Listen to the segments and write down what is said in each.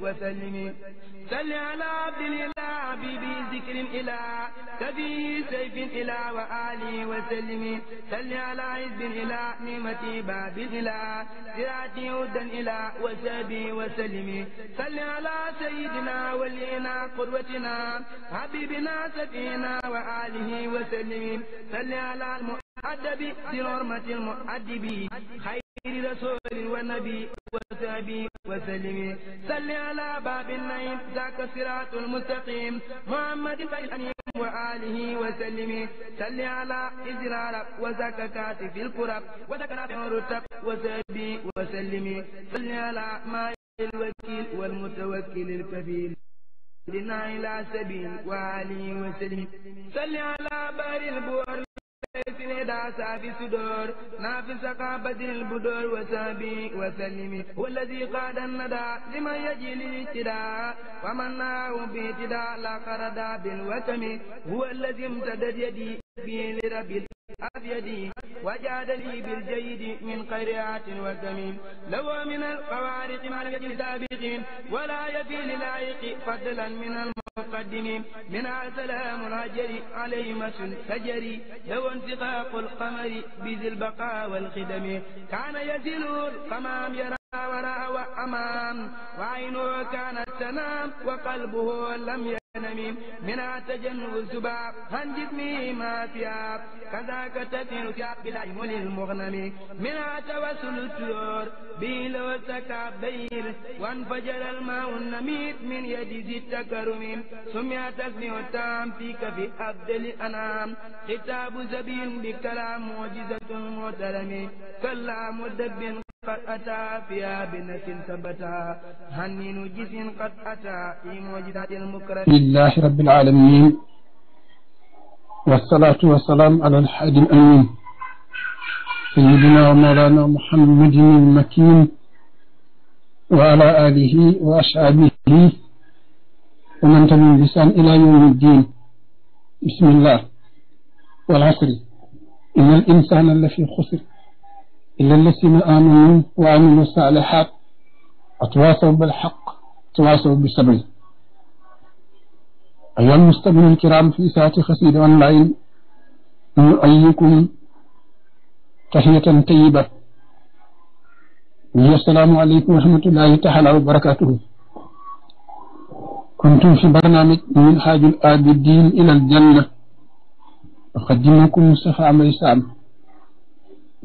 وسلم سل على عبد الإله بي ذكر الى كبي سيف الى وآلي وسلم سل على عز الى نعمتي باب الى سراتي هدى الى وسابي وسلم سل على سيدنا ولينا قدوتنا حبيبنا سفينا وآله وسلم سل على المؤدب بحرمة المؤدب خير رسول والنبي وسابي وسلم صل على باب النعيم ذاك الصراط المستقيم محمد الأنيم وآله وسلم صل على إزرار وذاك كاتب القرب وذاك نافع الرتب وسبي وسلم صل على ما الوكيل والمتوكل الكفيل لنا إلى سبيل وعلي وسلم صل على بار البؤر سنيدا سافي سدور نافي سقى بدر البدور وسابي وسلمي والذي قاد الندى لمن يجي للاهتداء ومناه باهتداء لا قردا بالوسم هو الذي امتدد يدي به لرب أبيدي وجاد بالجيد من قريعة وسمين لو من القوارق ما لم يجد ولا يفي للعيق فضلا من الم... مقدم منها سلام العجل عليمة تجري لو انتقاق القمر بذي البقاء والخدم كان يزل القمام يرى وراء أمام وعينه كانت تنام وقلبه لم ينم من تجنب الزباب عن جسمه ما فياب كذاك تثير ثياب بالعيون المغنم من توسل الطيور به لو سكى وانفجر الماء النميت من يد ذي التكرم سمي تسمي التام فيك في عبد الانام كتاب زبين بكلام معجزة محترم كلام مدب فأتى أتى بنت ثبتا هن نجس قد أتى في موجدات المكرم لله رب العالمين والصلاة والسلام على الحاج الأمين سيدنا ومولانا محمد المكين وعلى آله وأصحابه ومن تمن لسان إلى يوم الدين بسم الله والعصر إن الإنسان لفي خسر إلا الذين آمنوا وعملوا الصالحات وتواصوا بالحق وتواصوا بالصبر أيها المستمعون الكرام في ساعة خسيرة أونلاين نؤيكم تحية طيبة السلام عليكم ورحمة الله تعالى وبركاته كنتم في برنامج منهاج الآبدين إلى الجنة أقدمكم مصطفى عمر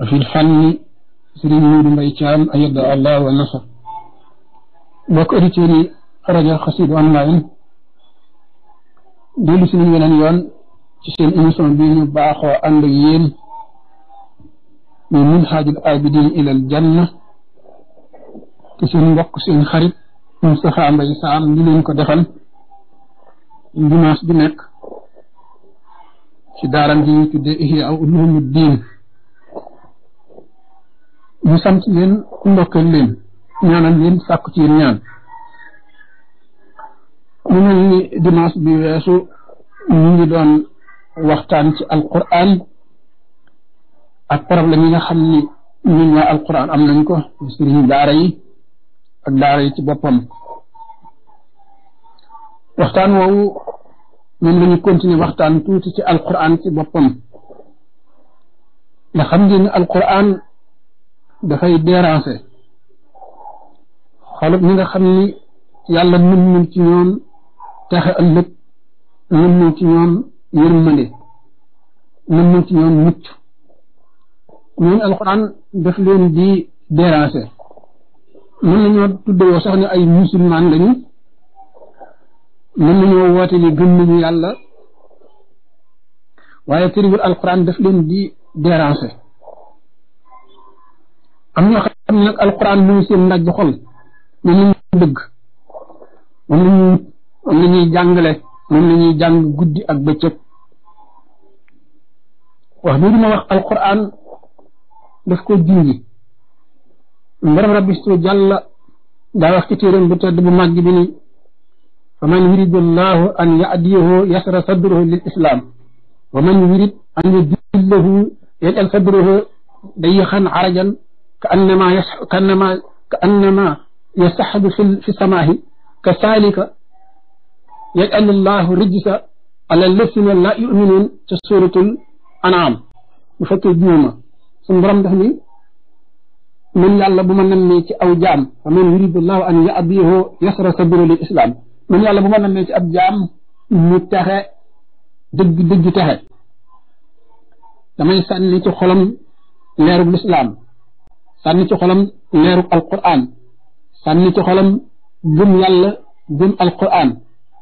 وفي الفن سرين نور ميتان أيد الله ونصر بكري تيري رجع خسيد وان لاين دول سنين ينان يون تسين إنسان بين باخو أند يين من منحاج العابدين إلى الجنة تسين بك سين خريب نصفا عم بيسام نلين كدخل نجماس بنك في دارن دي تدئه أو أنهم الدين mu sant leen ndokkal leen ñaanal leen sàkku ci ñaan mu mel ni dimanche bi weesu ñu ngi doon waxtaan ci alquran ak problème yi nga xam ni ñun waa alquran am nañ ko sëriñ daara yi ak daara yi ci boppam waxtaan woowu moom la ñu continuer waxtaan tuuti ci alquran ci boppam nga xam ngeen dafay déranger xolub ñi nga xam ni yàlla mën nañ ci ñoom texe ëllëg mën ci ñoom yërmande mën ci ñoom mucc ñooñu alxuraan daf leen di déranger mën nañoo tuddewoo sax ni ay musulman lañu mën nañoo woote ni gëm nañu yàlla waaye tëriwul alxuraan daf leen di déranger am ñoo xam ne nag alxuraan mooy seen ndajj xol moom la ñuy dëgg moom la ñuy moom la ñuy jàngale moom la ñuy jàng guddi ak bëccëg wax bii duma wax alxuraan daf ko junji mbaram rabbistu jàlla daa wax ci téeréem bu tedd bu màgg bi ni fa man yuridu llahu an yadiyahu yasra sadruhu lil islam wa man yurid an yudillahu yajal sadruhu dayixan arajan كأنما يسح... كأنما كأنما يسحب في في السماء كذلك يجعل الله رجس على الذين لا يؤمنون تسورة الأنعام مفتي الدنيا سنبرم بهني من يالله من نمي أو جام ومن يريد الله أن يأبيه يسر سبيل الإسلام من يالله من نمي أو جام متخي دج دج تهي لما يسألني تخلم لرب الإسلام sànni ci xolam leeru alquran sànni ci xolam gëm yàlla gëm alquran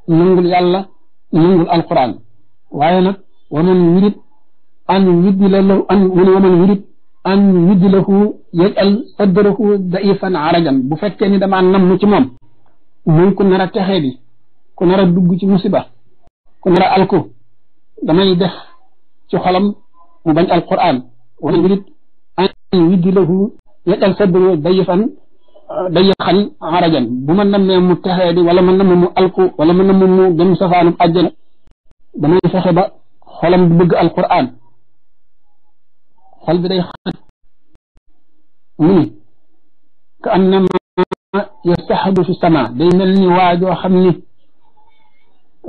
nangul yàlla nangul alquran waaye nag waman yurid an yudila lahu an wani waman yurid an yudilahu yajal sadrahu daifan arajan bu fekkee ni damaa namm ci moom muy ku nar a texee bi ku nar a dugg ci musiba ku nar a alku damay def ci xolam mu bañ alquran waman yurid an yudilahu yajal sadru dayifan dayixan arajan bu ma nammee mu texeedi wala ma namm mu alku wala ma namm mu dem safaanub àjjana damay fexe ba xolam bu bëgg alquran xol bi day xat mu ni ka annama fi sama day mel xam ni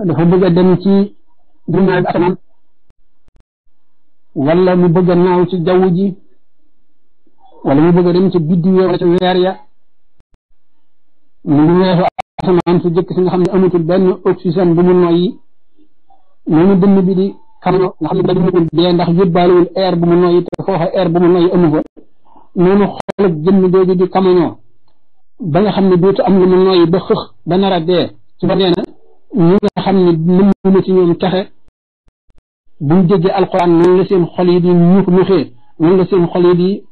dafa bëgg a dem ci mu bëgg a naaw ولا يبغى دم تبديه ولا شو يعريا من دون هذا أصلا أنت جد كسم خم أم تبدي أكسجين بمن ماي من دم بدي كم نحن بدي من بيان دخل جد بالو الأير بمن ماي تفوها أير بمن ماي أمه من خالد دم جد جد كم نوع بنا خم بيوت أم بمن ماي بخخ بنا ردة سبحان من خم من من تيوم كه بوجد القرآن من لسان خالد يوم مخير noonu la seen xol yi di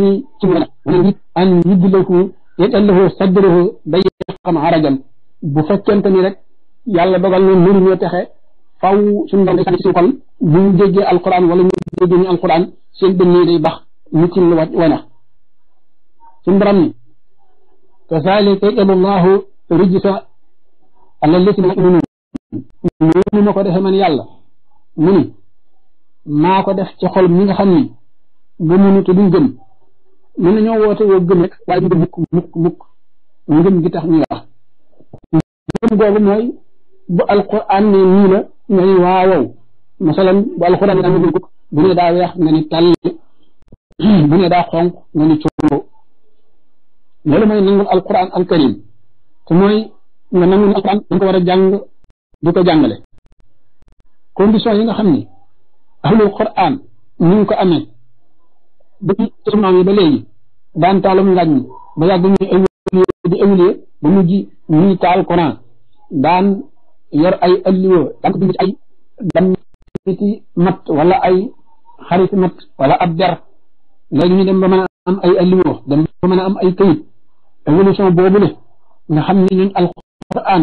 ni ci mën a it an yuddilaku yetallahu sadruhu day xam arajan bu fekkente ni rek yàlla dogal na mënuñoo texe faw suñu doon ci suñu xol bu ñu déggee alquran wala ñu déggee ni alquran seen dënn yi day bax ma ko defee man yàlla mu ni maa ko def ci xol mi nga xam ni gëmuñu te duñ gëm mën nañoo woote woo gëm rek waaye du mukk mukk mukk ngëm gi tax ñuy wax ngëm googu mooy bu alquran ne nii la nga ni waawow masalan bu alquran bu ne daa weex nga ni tàll bu ne daa xonq nga ni cóoloo loolu mooy nangu alquran al karim mooy nga nangu a jàng ko jàngale ni ahlul quran ngi ko amee depuis suñu maam yi ba léegi daan taalum ngañ ba yàgg ñu évolué di ba mujj ñuy taal Coran daan yor ay alluwa daan ko bind ci ay mat wala ay xarit mat wala ab der léegi ñu dem ba mën am ay alluwa dem ba ay këyit évolution boobu ne nga xam ne ñun alquran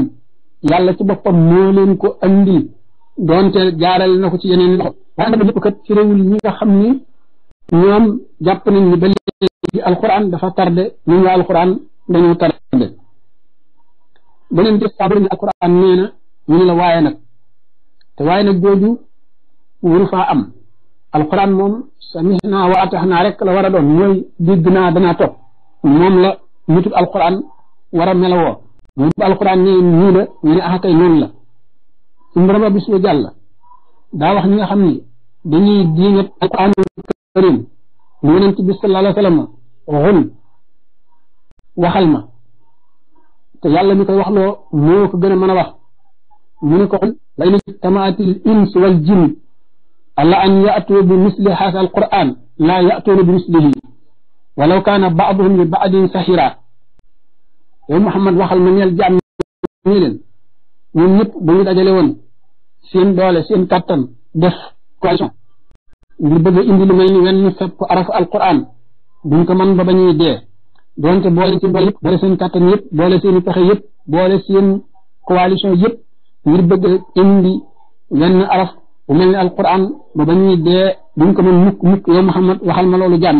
yàlla ci boppam moo ko andil doonte jaaral na ko ci yeneen loxo waaye lépp kat ci réewul ñi xam ni ñoom jàpp nañ ni ba léegi alquran dafa tardé ñun waa alquran dañoo tardé beneen bi saa bëriñ alquran nee na ñu la waaye nag te waaye nag jooju wuru faa am alquran moom samihna wa ataxnaa rek la war a doon mooy dégg naa danaa topp moom la nitub alquran war a melawoo nitub alquran nee nii la ñu ne ah kay la suñu borom a bis ba jàll daa wax ñi nga xam ni dañuy diingat alquran karim mu yonent bi sallallahu alayhi wasallam xul waxal ma te yàlla mi koy wax loo moo ko gën a mën a wax mu ne ko xul lay na tamaatil ins wal jinn ala an yaatu bi misli hasa al quran la yaatuuna bi mislihi walaw kaana baaduhum li baadin sahira yow muhammad waxal ma neel jàmm nii leen ñun ñëpp bu ñu dajale woon seen doole seen kàttan def coalition ngir bëgg a indi lu mel ni wenn fepp arafu alquran duñ ko mën ba bañuy dee donte boole ci mbay yëpp boole seen kàttan yëpp boole seen i pexe yëpp boole seen coalition a indi wenn araf bu mel ba bañuy dee duñ ko mën mukk mukk yow Muhammad waxal ma loolu jàmm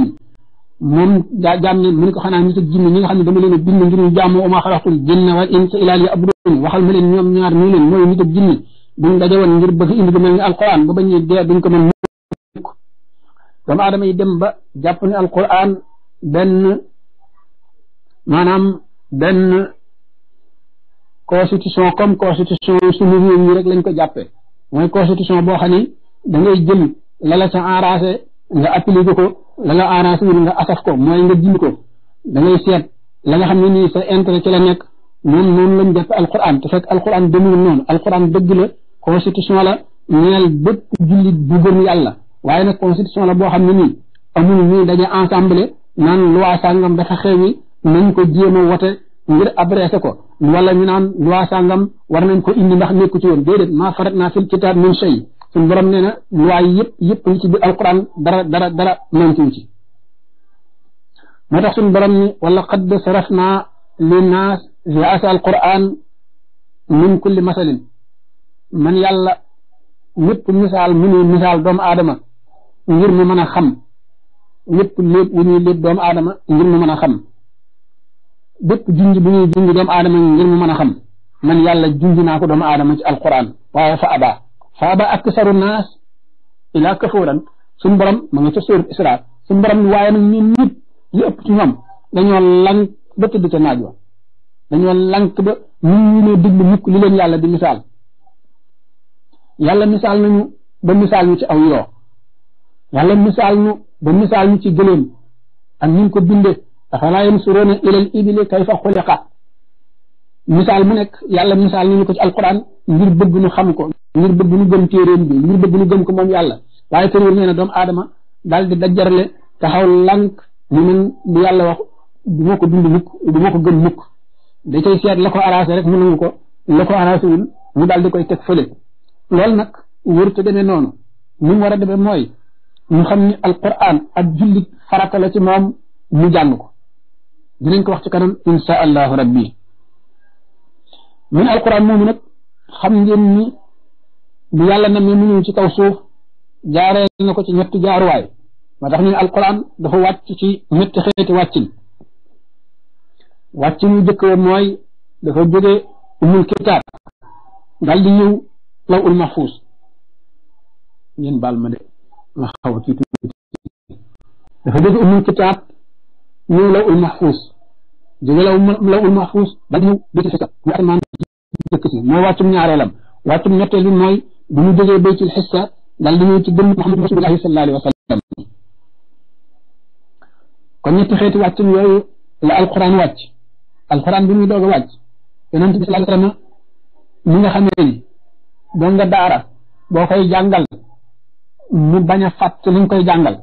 moom daa jàmm ne mu ko xanaa nit ak jinn ñi nga xam ne dama leen a bind ngir ñu jaamu oma xalaxtul jinna waxal ma leen ñoom ñaar nii leen mooy nit ak jinn buñ daje ngir bëgg indi lu mel ni alquran ba bañuy dee duñ ko mën dama aadama dem ba japp ni alquran ben manam ben constitution comme constitution suñu réew ñi rek lañ ko jappé moy constitution bo xani da ngay jël la la ca arrangé nga appliquer ko la la arrangé nga asaf ko moy nga jël ko da ngay sét la nga xamni ni sa intérêt ci la nek non non lañ def alquran te fek alquran demul non alquran deug la constitution la ñeel bëpp jullit bu gëm yalla waaye nag constitution la boo xam ne nii amul ñuy daje ensemble naan loi sàngam dafa xewi nañ ko jéem a wote ngir adressé ko wala naan loi sàngam war nañ ko indi ndax nekku ci yoon déedéet maa farat naa fil kitaab min shay suñu borom nee na loi yëpp yëpp ngi ci biir dara dara dara mankiwu ci moo tax suñu borom ni wala qad sarafna linnaas fi asal quran min kulli masalin man yàlla ñëpp misaal mu ne misaal doomu aadama ngir mu mën a xam lépp lépp wu ñuy lépp doomu aadama ngir mu mën a xam bépp junj bu ñuy junj doomu aadama ngir mu mën a xam man yàlla junj naa ko doomu aadama ci alquran waaye fa aba fa aba aksaru naas ila kafuran suñu borom ma nga ca sóoru isra suñu borom waaye nag ñun nit li ci ñoom dañoo lank ba tëdd ca naaj dañoo lank ba ñu ñu diglu mukk li leen yàlla di misaal yàlla misaal nañu ba misaal ñu ci aw yoo yàlla misaal ñu ba misaal ñu ci gëléem ak ñu ko bindee afalaa yansuruuna ilal ibili kayfa xuliqa misaal mu nekk yàlla misaal ñu ko ci alquran ngir bëgg ñu xam ko ngir bëgg ñu gëm téeréem bi ngir bëgg ñu gëm ko moom yàlla waaye tëréwul nee na doomu aadama daal di dajjarle taxaw lànk ni man bu yàlla wax du ma ko bind mukk du ma ko gëm mukk da cay seet la ko arrangé rek mu nangu ko la ko wul mu daal di koy teg fële loolu nag wërta demee noonu ni ñu xam ni alquran ak jullit farata ci moom mu jàng ko dinañ ko wax ci kanam insha allahu rabbi min alquran moomu nag xam ngeen ni bu yàlla na mu ñëw ci kaw suuf jaaree na ko ci ñett jaaruwaay moo tax ñu ne alquran dafa wàcc ci ñetti xeeti wàccin wàccin yu jëkk woon mooy dafa jóge umul kitaab dal di law ul mahfuus ngeen baal ma de nga xaw ci tuuti dafa jóge umul kitaab ñëw law ul mahfuus jóge law law ul mahfuus ba ñëw ba ci xisab mu asamaan jëkk si mooy wàccum ñaareelam wàccum ñetteel bi mooy bu mu jógee bay ci xissa dal di ñëw ci gën Muhammad rasulullahi sallallahu alayhi wa sallam kon ñetti xeeti wàccum yooyu la alquran wàcc alquran bi muy doog a wàcc yonente bi sallallahu alayhi wa sallam mi nga xamee ni doon nga daara boo koy jàngal mu bañ a fàtte liñ koy jàngal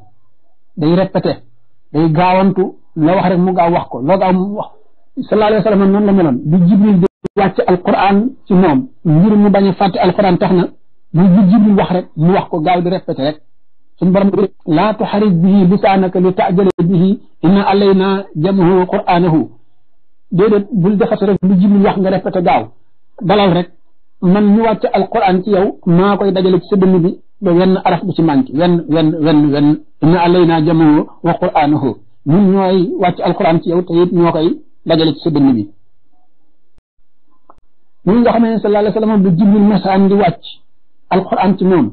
day répété day gaawantu loo wax rek mu gaaw wax ko loo gaaw mu wax sallallahu alayhi wa sallam noonu la meloon bi jibril di wàcc alquran ci moom ngir a bi wax rek mu wax ko gaaw di répété rek suñu borom laa tuxarit bihi lisaanaka li taajale bihi inna alayna jamahu wa qur'aanahu déedéet bul defati rek lu jibril wax nga répété gaaw dalal rek man ñu wàcc alquran ci yow maa koy dajale ci sa bi ba wenn araf bu ci manqué wenn wenn wenn wenn inna alaynaa jam'ahu wa qur'aanahu ñun ñooy wàcc alquran ci yow te ñoo koy dajale ci sa dënn bi ñun nga xam ne sallallahu alayhi wa sallam bu Jibril masaan di wàcc alquran ci moom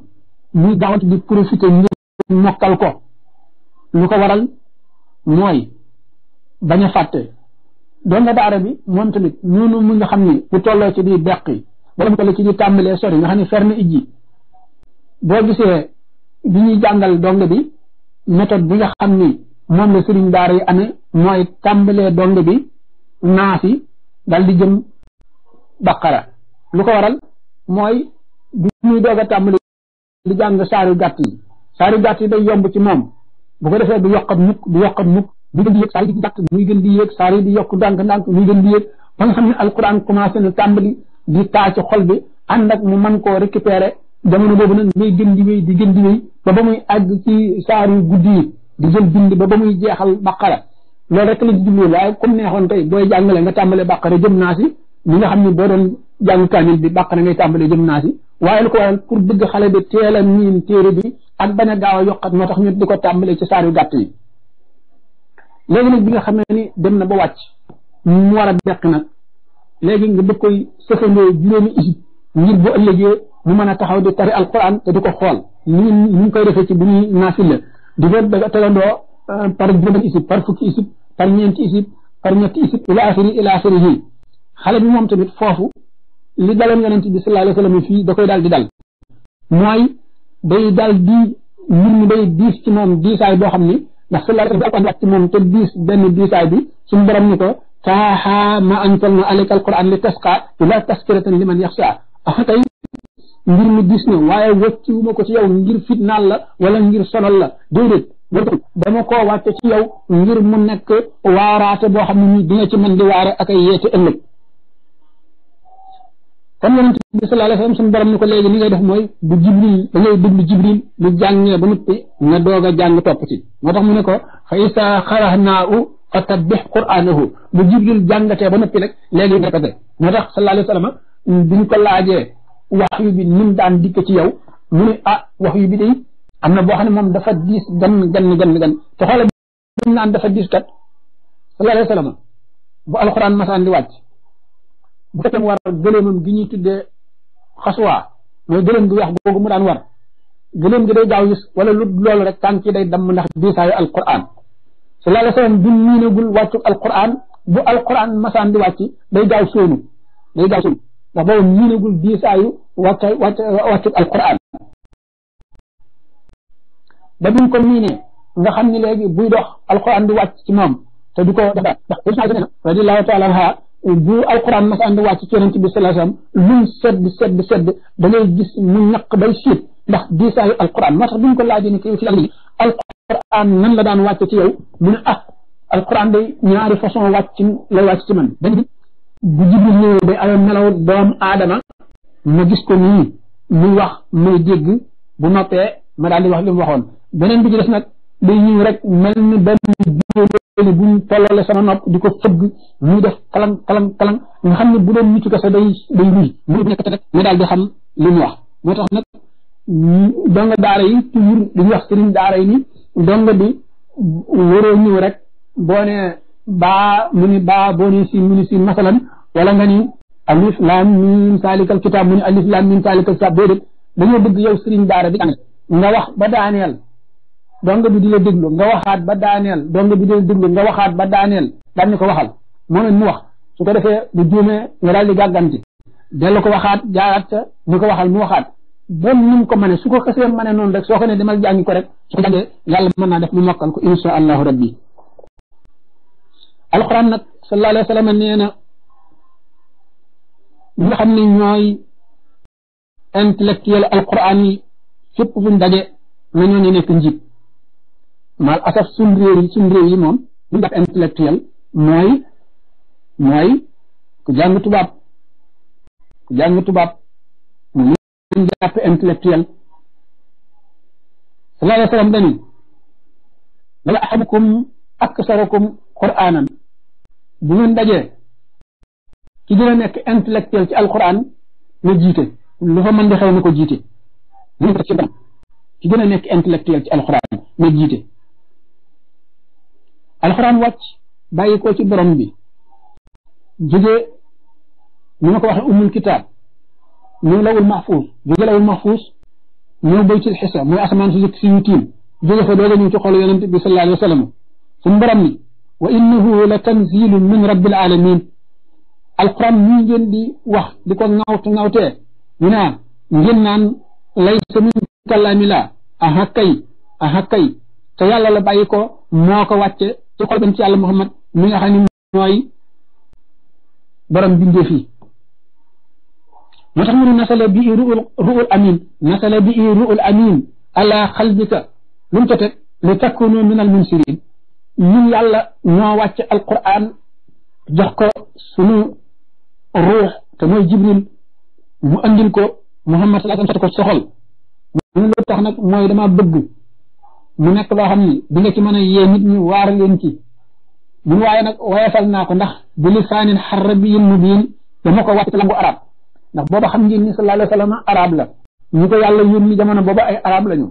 muy daawat mokkal ko lu ko waral mooy bañ a fàtte doon na daara bi moom tamit noonu mu nga xam ne bu tolloo ci di beqi wala mu tolloo ci di tàmbalee sori nga xam ne fer ijji boo gisee bi ñuy jàngal dong bi méthode bi nga xam ni moom la sëriñ daara yi amee mooy tàmbalee dong bi naas yi dal di jëm baqara lu ko waral mooy bu ñuy doog a tàmbali di jàng saaru gàtt yi saaru gàtt ci moom bu ko du yokkat mukk du yokkat mukk muy gën di yëg saar yi di di yokk dànk ndànk muy gën di yëg ba nga xam ne alquran commencé na tàmbali di taa ci xol bi ànd ak mu mën koo récupérer jamono boobu nag muy gën di wéy di gën di wéy ba ba muy àgg ci saar yu guddi yi di jël bind ba ba muy jeexal baqara loolu rek la ci waaye comme neexoon tey booy jàngale nga tàmbalee baqara jëm naa si ñi nga xam ne boo doon bi baqara ngay tàmbalee jëm naa si waaye lu ko waral pour bëgg xale bi teel a téere bi ak bañ a gaaw a moo tax ñu di ko tàmbalee ci saar yu gàtt yi léegi nag bi nga xamee ni dem na ba wàcc mu war a beq nag léegi nga bëgg koy sëfandoo juróomi isib ngir bu ëllëgee mu mën a taxaw di tari alquran te di ko xool ni ñu koy defee ci bu ñuy naafil di ko daga tegandoo euh, par juróom isib par fukki isib par ñeenti isib par isib ila axiri ila axirihi xale bi moom tamit foofu li daloon yonent bi sallallahu alayhi wa sallam fii da koy daal di dal mooy day daal di mbir mi day diis ci moom diisaay boo xam ni ndax sallallahu alayhi wa sallam ci moom te diis benn diisaay bi suñu borom ni ko saaxa ma anzalna alayka alquran li tasqa ila taskiratan liman yaxsha ngir mu gis ne waaye wàcciwuma ko ci yow ngir fitnaal la wala ngir sonal la déedéet dama koo wàcce ci yow ngir mu nekk waaraate boo xam ne nii dina ci mën di waare ak ay yeete ëllëg kon yonent bi sallallahu alayhi wa sallam suñu borom ni ko léegi mooy bu jibril da ngay déglu jibril bu jàngee ba noppi nga doog a jàng topp ci moo tax mu ne ko fa isa xarahnaahu fa tabbih qur'anahu bu jibril jàngatee ba noppi nag léegi nga répété moo tax sallallahu alayhi wa ko laajee wax yu bi nim daan dikk ci yaw mu ne ah wax yu bi day am na boo xam ne moom dafa diis gan gan gan gan te xoola bi naan dafa diis kat sallallahu alayhi wa sallam bu alxuraan masaan di wàcc bu fekkee mu war gëleemam gi ñuy tuddee xasuwaa mooy gëleem gi weex daan war gëleem gi day gaaw gis wala lu loolu rek tànk yi day dam ndax diisaayu alquran sallallahu alayhi wa sallam bu miinagul wàccu alquran bu alquran masaan di wàcc day gaaw sóonu day gaaw sóonu ndax booba miinagul diisaayu wàcca wàcc wàccu alquran ba duñ ko miinee nga xam ne léegi buy dox alquran di wàcc ci moom te du ko dafa ndax usaagina radiallahu taala anha bu alquran mas ànd wàcc ci yonent bi sallallahu alayhi wasallam luñ sedd sedd sedd da ngay gis mu ñaq bay siit ndax diisaayu alquran moo tax duñ ko laajee ni kii ci lan alquran nan la daan wàcc ci yow mu ne ah alquran day ñaari façon wàcc lay wàcc ci man benn bi bu Jibril ñëwee ba ay melaw doomu aadama ma gis ko nii muy wax muy dégg bu noppee ma daal di wax li waxoon beneen bi ci des nag day ñëw rek mel ni benn biolooni buñ tolloole di ko fëgg day day ruy mu nekk te rek nga daal di xam li mu wax moo tax nag donga daara yi toujours dañuy wax sëriñ daara yi ni donga bi waroo ñëw rek boo nee baa mu ni baa boo ni si mu ni si masalan wala nga ni alif lam mim salikal kitab mu ni alif lam mim salikal kitab déedéet dañoo bëgg yow sëriñ daara bi nga wax ba daaneel donga bi di la nga ba daaneel donga bi di la déglu nga waxaat ba daaneel daan ñu ko waxal moo leen mu wax su ko defee bu juumee nga daal di gàgganti dellu ko waxaat jaaraat sa ñu ko waxal mu waxaat ba ñu ko mëne su ko xasee mëne noonu rek soo ko ne demal jàngi ko rek su ko jàngee yàlla mën naa def mu mokkal ko insha allahu rabbi alquran nag sallallahu alayhi wa sallam ñu xamni ñoy intellectuel alquran yi fépp fu ñu daje ñoo ñu nekk njib mal asaf suñ réew yi suñ réew yi mom ñu ndax intellectuel moy moy ku jàng tubab ku jàng tubab ñu leen jàpp intellectuel sallallahu alayhi wasallam dañu dani ahabukum axabukum aksarukum qur'aanan bu ngeen dajee ki gën a nekk intellectuel ci alquran na jiite lu fa mën xew na ko jiite ñu ko ci dam ki gën a nekk intellectuel ci alquran na jiite alquran wàcc bàyyi ko ci borom bi jógee ni ma ko waxee ummul kitaab ñëw lawul mahfuus jóge lawul mahfuus ñëw béy ci xisa mooy asamaan si si yu fa doog a ñëw ci xolu yonent bi sallallahu alayhi wa sallam suñu borom وإنه لتنزيل من رب العالمين القرآن نيجن دي وح ديكو نغوت نغوت هنا نجن نان ليس من كلام لا أهكي أهكي تيالا لبايكو موكا واتي تقول بنتي على محمد من أخاني موي برم بندي في متخمر نسل بي رؤو الأمين نسل بي رؤو الأمين على خلبك لم تتك لتكونوا من المنسرين ñun yàlla ñoo wàcc alquran jox ko sunu ruux te mooy jibril mu andil ko muhammad sallallahu alayhi wasallam ko soxal mu ne tax nag mooy dama bëgg mu nekk loo xam ni bi nga ci man a yee nit ñi waar leen ci mun waaye nag woyefal naa ko ndax bi lisaanin xarabiyin mubiin dama ko wàcc langu arab ndax booba xam ngeen ni sallallahu alayhi wasallam arab la ñu ko yàlla yónni jamono booba ay arab lañu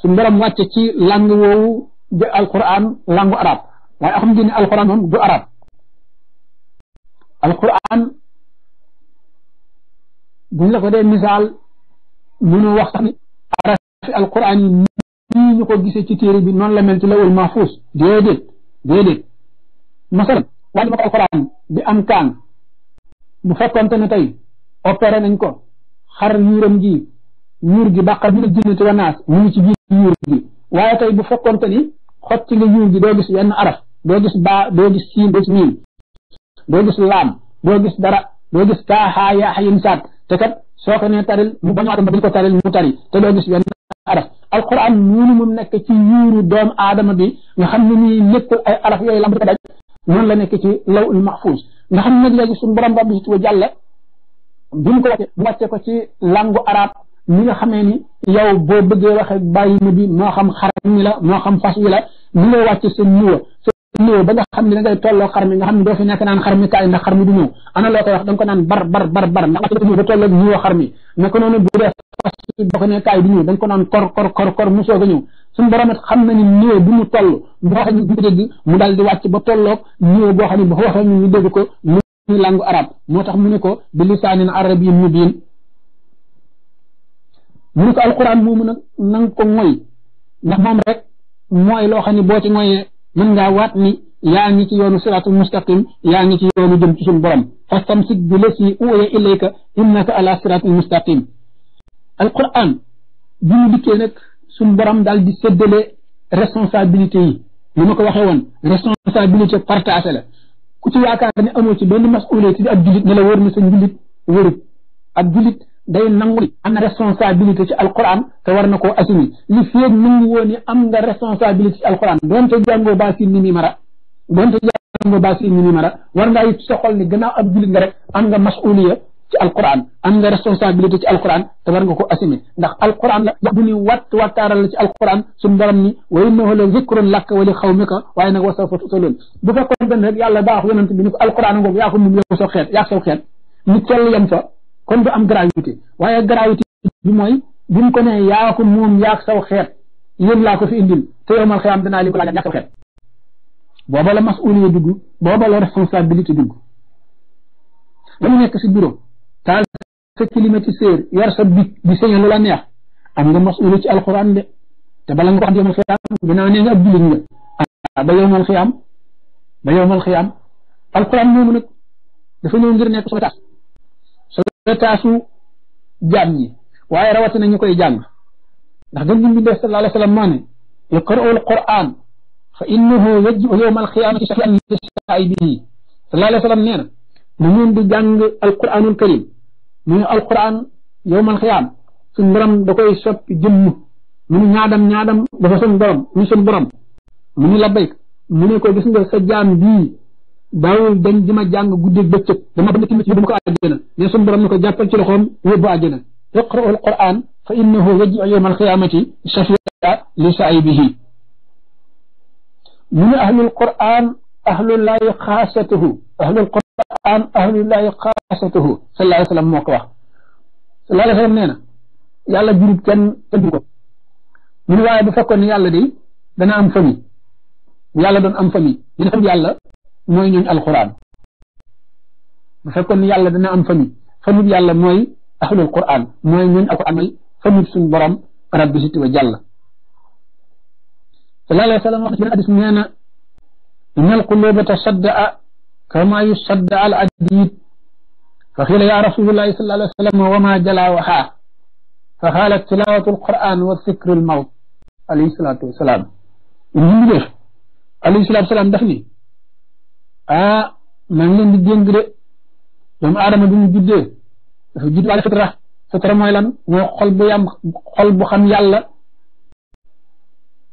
su borom wàcce ci lang woowu jë alquran langue arab waaye axam ngeen ne alquran moom du arab alquran buñ la ko dee misaal mënu wax sax ni arafi alquran yi nii ñu ko gisee ci téere bi noonu la mel ci lawul mahfuus déedéet déedéet masalan wàññi ma ko alquran bi am kaan bu fekkonte ne tey opéré nañ ko xar yuuram gi yuur gi bàqar bi na jinne te wanaas mu ngi ci biir yuur gi waaye tey bu fekkoonte ni xotti nga yiw gi doo gis wenn araf doo gis baa doo gis siin doo gis miim doo gis laam doo gis dara doo gis kaaxaa yaaxa saat te kat soo ko nee taril mu aadama tari te doo gis wenn araf alquran noonu mu nekk ci yuuru doomu aadama bi nga xam ne nii nekkul ay yooyu lam ko daj noonu la nekk ci law ul mahfuz nga xam ne léegi suñu borom rabbi si wa jàlla bi mu ko wàcce mu wàcce ko ci langu arab mi nga xamee ni yow boo bëggee waxee bàyyi moo xam xar mi la moo xam fas wi la mi nga wàcc sa niwa ba nga xam ne da ngay tolloo xar mi nga xam ne doo fi nekk naan xar mi kaay ndax xar mi du ñëw ana da nga ko naan bar bar bar bar ndax wàcc ba tolloog niwa xar mi naka noonu bu dee fas yi boo ko ne kaay du ñëw da nga ko naan kor kor kor kor mu soog a ñëw suñu borom it xam na ni niwa bu mu waxee ñu dégg mu daal di wàcc ba tolloog niwa boo xam ne bu waxee ñu dégg ko mu langu moo tax mu ne ko bi lisaanin arabiyyin mubiin mu ni ko alquran moomu nag na nga ko moy ndax moom rek mooy loo xam ne boo ci moyee mën ngaa waat ni yaa ngi ci yoonu siraatul mustaqim yaa ngi ci yoonu jëm ci suñu borom fastamsik bi a uwaya ilayka innaka ala siraatul mustaqim alquran bi ñu dikkee nag suñu borom daal di séddale responsabilité yi li ma ko waxee woon responsabilité la ku ci yaakaar ne amoo ci benn masuulé ci di ab jullit ne na sa jullit wërut ab jullit day nangul am responsabilité ci alquran te war nako assumi li feeg ni ngi woni am nga responsabilité ci alquran donte jango ba ci ni mara donte jango ba ci ni mara war nga it soxol ni gëna am julit nga rek am nga mas'uliyya ci alquran am nga responsabilité ci alquran te war nga ko assumi ndax alquran la du ni wat wattaaral la ci alquran suñ borom ni way no la zikrun lak wa li khawmika way nak wasafa tutulun tusaloon bu fekkoon benn rek yàlla baax yonent bi ni ko alquran ngok ya ko moom yow so xet ya so xet ni ñu tell yam fa kon du am gravité waye gravité bi moy bi ko ne ya ko mom ya yaag saw xet yeen la ko fi indil te yowmal xiyam dina li ko la yaag saw xeet booba la masuliyé dugg booba la responsabilité dugg dañ nekk ci bureau taal sa climatiseur yar sa bi di seigne lu la neex am nga masuliyé ci alcorane de te bala nga ko xam yowmal xiyam dina nee nga ab jullit nga ah ba yowmal xiyaam ba yowmal xiyaam alquran moomu nag dafa ñëw ngir nekk sama tax taasu jaam ñi waaye rawatina ñu koy jàng ndax gën gi mbindee sallallahu alayhi wa sallam maa ne iqra'u alquran fa innahu yaj'u yawma alqiyamati shafi'an li saa'ibihi sallallahu alayhi wa sallam na na ngeen di jàng alquranul karim mu ne alquran yawma alqiyam suñ borom da koy soppi jëmm mu ñaadam ñaadam dafa suñ borom mu suñ borom mu ne labbayk mu ne daawul dañ di ma jàng guddeeg bëccëg dama ba nekk ci yóbbu a àjjana mais suñu borom ni ko jàppal ci loxoom yóbbu àjjana iqra'u alquran fa innahu yaj'u yawma alqiyamati shafi'a li sa'ibihi من أهل القرآن أهل الله خاصته أهل القرآن أهل الله خاصته صلى الله عليه وسلم موقع صلى الله عليه mooy ñooñ alquran bu fekkoon ni yàlla dana am famille famille yàlla mooy ahlul quran mooy ñooñ alquran mooy famille suñ borom rabbi siti wa jàll sallallahu alayhi wa sallam wax ci hadis nee na إن القلوب تصدأ كما يصدأ العديد فقيل يا رسول الله صلى الله عليه وسلم وما جلا وحا فقالت تلاوة القرآن وذكر الموت عليه الصلاة والسلام عليه الصلاة والسلام دخلي ah maa ngi leen di jéng de doomu aadama bi mu juddee dafa judd wàllu fitra fitra mooy lan moo xol bu yam xol bu xam yàlla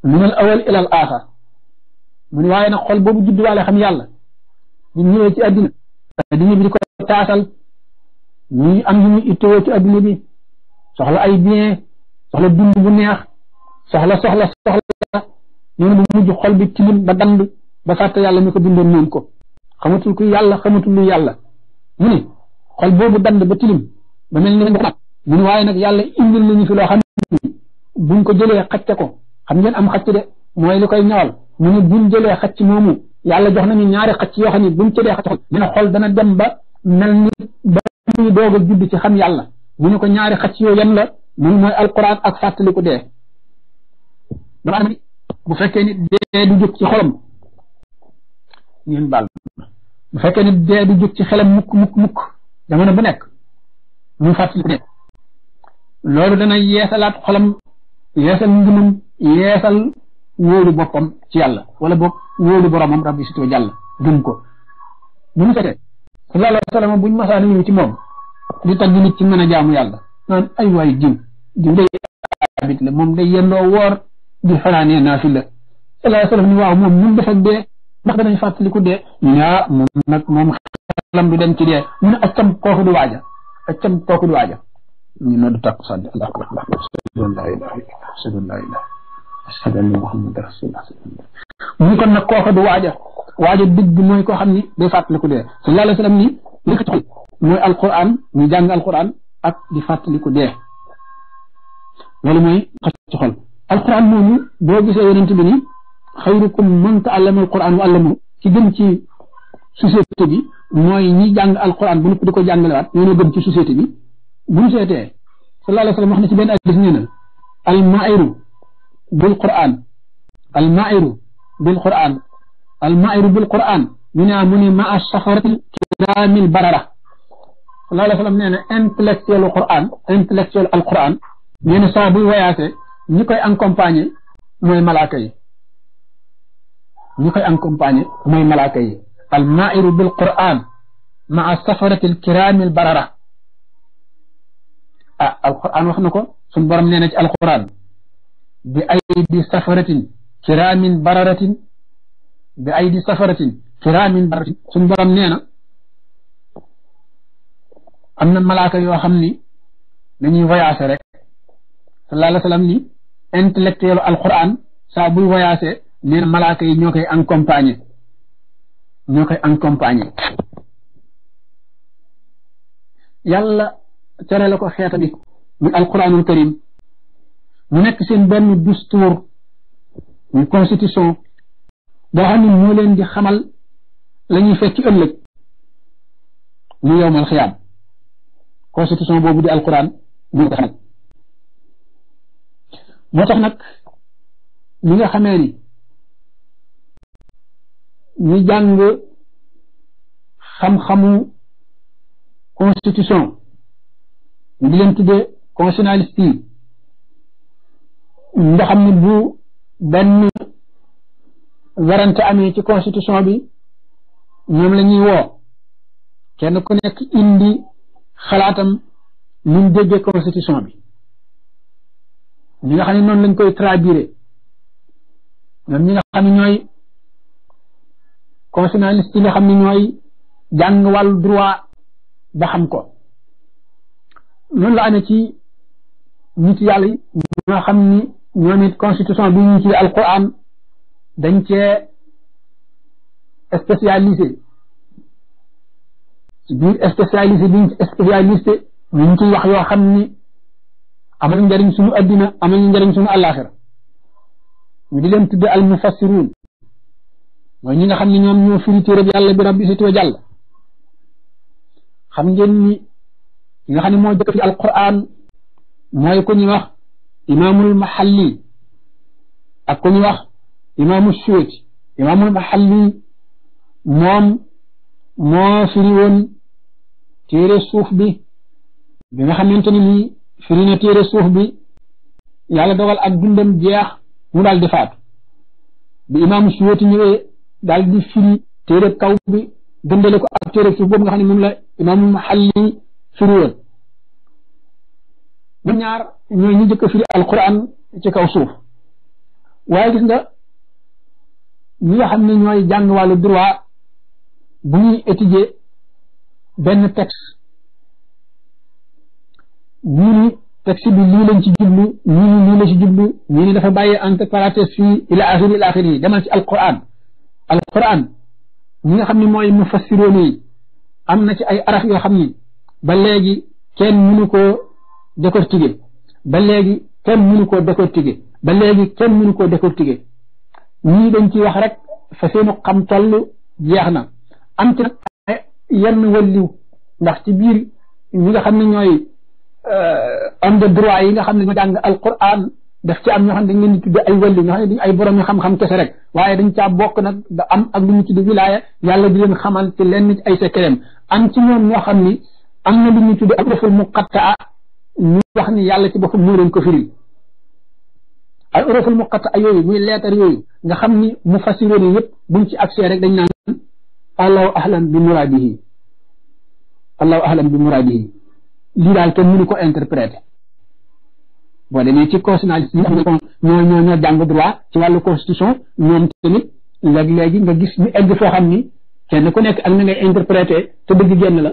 minal awal ilal aaxar mu ne waaye nag xol boobu judd wàllu xam yàlla di ñëwee ci àddina àddina bi di ko taasal ñuy am yu ñu ittoo ci àddina bi soxla ay bien soxla dund bu neex soxla soxla soxla noonu bu mujj xol bi tilim ba dand ba fàtte yàlla mi ko bindoon moom ko xamatul ku yàlla xamatul lu yàlla mu ni xol boobu dand ba tilim ba mel ni xat mu waaye nag yàlla indil nañu fi loo xam ne buñ ko ko xam ngeen am xacc de mooy li koy ñawal mu ni buñ jëlee xacc moomu yàlla jox nañu ñaari xacc yoo xam ne buñ jëlee xacc xol dina dana dem ba mel ni ba muy doog a judd xam yàlla mu ni ko ñaari xacc yoo yan la mun mooy alquran ak fàttaliku dee dama bu fekkee ni dee du jóg ci xolam ngeen baal bu fekkee ne dee du jóg ci xelam mukk mukk mukk jamono bu nekk mu fàttaliku dee loolu dana yeesalaat xolam yeesal ngëmam yeesal wóolu boppam ci yàlla wala bopp wóolu boromam rabbi sitoo jàll gëm ko bu mu setee sallallahu buñ masaana ñëw ci moom di tagg nit ci mën a jaamu yàlla naan ay waay diw diw day abit moom day yendoo woor di fanaanee naafil la sallallahu alayhi ni waaw moom mun def ak dee ndax danañ fàttaliku dee ñu ne ah moom nag moom xelam du dem ci dee ñu ne accam kooku du waaja accam kooku du waaja ñu ne du takk sànni allah akbar allah akbar ashadu la ilaha illallah ashadu la ilaha ashadu anna muhammad rasulullah mu ne kon nag kooku du waaja waaja dëgg mooy koo xam ni day fàttaliku dee sallallahu alayhi wa ni li ko taxal mooy alquran ñu jàng alquran ak di fàttaliku dee loolu mooy xas ci xol alquran moomu boo gisee yonent bi ni xayrukum man ta'allama alquran wa allamahu ci gën ci société bi mooy ñi jàng alquran bu ñu di ko jàngalewaat ñoo gën ci société bi bu ñu seetee sallallahu alayhi wa sallam wax na ci benn addis quran almairu bil quran almairu bil quran ñu ne mu ma a safarati kiraamil barara sallallahu alayhi wa na intellectuel quran intellectuel alquran nee na saa buy ñi koy accompagner mooy malaaka ñi koy accompagner mooy malaaka yi al bil quran maa safarati al barara ah alquran wax na ko suñu borom nee ci alquran bi aydi safaratin kiraamin bararatin bi aydi safaratin kiraamin na am na malaaka yoo xam ni dañuy voyagé rek sallallahu alayhi ni intellectuel alquran saa buy nee na yi ñoo koy accompagner ñoo koy accompagner yàlla tere la ko xeeta bi muy alquranul mu nekk seen benn dustuur muy constitution boo xam ne moo leen di xamal la fekk ci ëllëg mu yowmal xiyaam constitution boobu di alquran moo nga xamee ni ñu jàng xam-xamu constitution ñu di leen tuddee constitutionnaliste yi nga xam ne bu benn warante amee ci constitution bi ñoom la ñuy kenn ku nekk indi xalaatam nu mu déggee constitution bi ñi nga xam ne noonu lañ koy traduire ñoom ñi nga xam ne ñooy constitutionnaliste yi nga xam ne ñooy jàng wàllu ko noonu la amee ci nit bi ñu ci alquran dañ cee spécialisé ci biir spécialisé biñ ci wax yoo xam ni amal njëriñ suñu addina amal njëriñ suñu àllaaxira ñu di leen tudde al mufassiruun mooy ñi nga xam ne ñoom ñoo firi téereb yàlla bi rabbi sitwa jàll xam ngeen ni nga xam ne moo jëkk fi alquran mooy ku ñu wax imaamul mahalli ak ku ñu wax imaamu suuti imaamul mahalli moom moo firi woon téere suuf bi bi nga xamante ni nii firi na téere suuf bi yàlla dogal ak dundam jeex mu daal di faatu bi imaamu suuti ñëwee daal di firi téere kaw bi dëndale ko ak téere suuf boobu nga xam ne moom la imam xalli firi woon ñoom ñaar ñooy ñu jëkk firi alquran ci kaw suuf waaye gis nga ñi nga xam ne ñooy jàng wàllu droit bu ñuy étudier benn texte ñii ni texte bi lii lañ ci jublu ñii ni lii la ci jublu ñii ni dafa bàyyee entre parenthèses fii ila axiri ila axiri yi demal ci alquran quran ñi nga xam ne mooy mufassiroon yi am na ci ay araf yoo xam ni ba léegi kenn mënu koo décortiquer ba léegi kenn mënu koo décortiquer ba léegi kenn mënu koo décortiquer ñii dañ ci wax rek fa seenu xam toll jeex na am ci nag yenn wàlliw ndax ci biir ñi nga xam ne ñooy euh, homme de droit yi nga xam ne ñoo jàng alquran def ci am ñoo xam ne dañ leen di ay wàlli ñoo xam ne ay borom yu xam-xam rek waaye dañ caa bokk nag da ak lu ñu tudde wilaaya yàlla di leen xamal te leen ay secret am ci ñoom ñoo xam ni am na lu ñu tudde ak roful muqatta ñu wax ni yàlla ci boppam moo leen ko firil ay roful muqatta yooyu muy leetar yooyu nga xam ni mu fasiroon yi yëpp buñ ci accès rek dañ naa allahu ahlan bi muraadihi allahu ahlan bi muraadihi lii daal kenn mënu ko interpréter boo demee ci constitutionnaliste ñi xam ñoo ñoo droit ci wàllu constitution ñoom tamit léeg-léegi nga gis ñu egg foo xam ni kenn ku nekk ak na ngay interpréter te dëgg génn la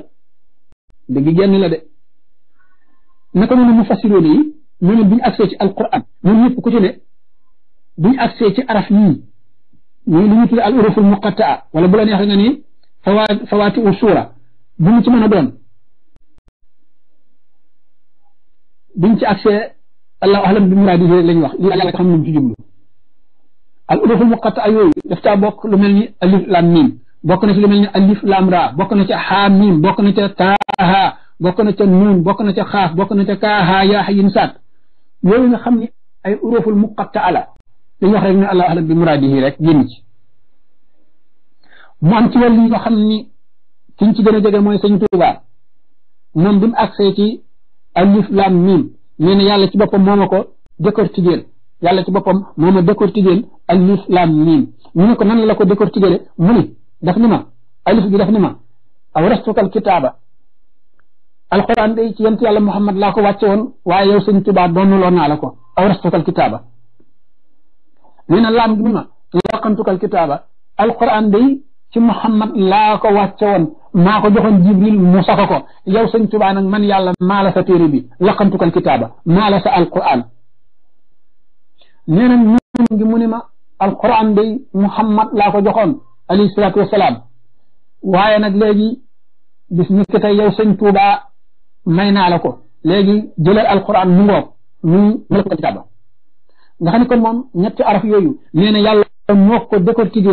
dëgg génn la de naka noonu mu fassiroon yi ñu ne bu ñu accès ci alquran ñun ñëpp ku ci ne bu ñu ci araf yii ñuy lu ñu tuddee al uruful muqattaa wala bu la neexee nga ni fawa fawaati u suura mu ci mën a doon buñ ci accès allah ahlam bi muradihi lañ wax li yàlla xam ñu ci jublu al uluful muqatta yooyu daf caa bokk lu mel ni alif lam mim bokk na ci lu mel ni alif lam ra bokk na ci ha mim bokk na ca taaha bokk na ca nuun bokk na ca xaaf bokk na ca kaaha yaa xayin saat yooyu nga xam ni ay uruful muqatta la dañ wax rek ne allah ahlam bi muradihi rek génn ci mu am ci wàll yi nga xam ni kiñ ci gën a jege mooy sëñ Tuubaa moom bi mu agsee ci alif lam mim nee na yàlla ci boppam moo ma ko décortiquer yàlla ci boppam moo ma décortiquer alif laam miim ñu ne ko nan la ko décortiquer mu ni daf ni ma alif bi daf ni ma aw rastukal kitaaba alquran day ci yent yàlla muhammad laa ko wàcce woon waaye yow sëñ tubaa doonuloo naa la ko aw rastukal kitaaba nee na laam gi ni ma laqantukal kitaaba alquran day ci muhammad laa ko wàcce woon maa ko joxoon jibril mu safa ko yow sëñ tubaa nag man yàlla maa la sa téere bi laqantuka alkitaaba maa la sa alquran nee na ñun gi mu ne ma alquran de muhammad laa ko joxoon alayhi salaatu wasalaam waaye nag léegi bis ni ki tey yow sëñ tuubaa may naa la ko léegi jëlal alquran mu ngoog muy ma ko kitaaba nga xam ne kon moom ñetti araf yooyu nee na yàlla moo ko décortiqué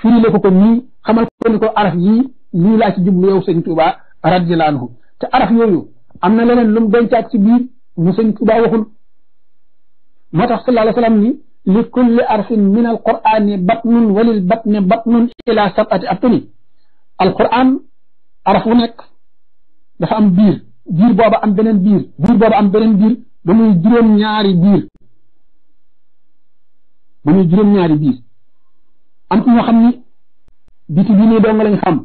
firi la ko ko nii xamal ko ni ko araf yii lii laa ci jublu yow sëñ Tuuba radiyallaahu te araf yooyu am na leneen lu mu dencaat ci biir mu sëñ Tuuba waxul moo tax sallallaahu alayhi wa sallam ni li kulli arfin min alqur'ani batnun walil batni batnun ila sab'ati abtuni alqur'an araf wu nekk dafa am biir biir booba am beneen biir booba am beneen biir ba muy juróom biir ba muy juróom biir am ci xam ni biti bi nii dong lañ xam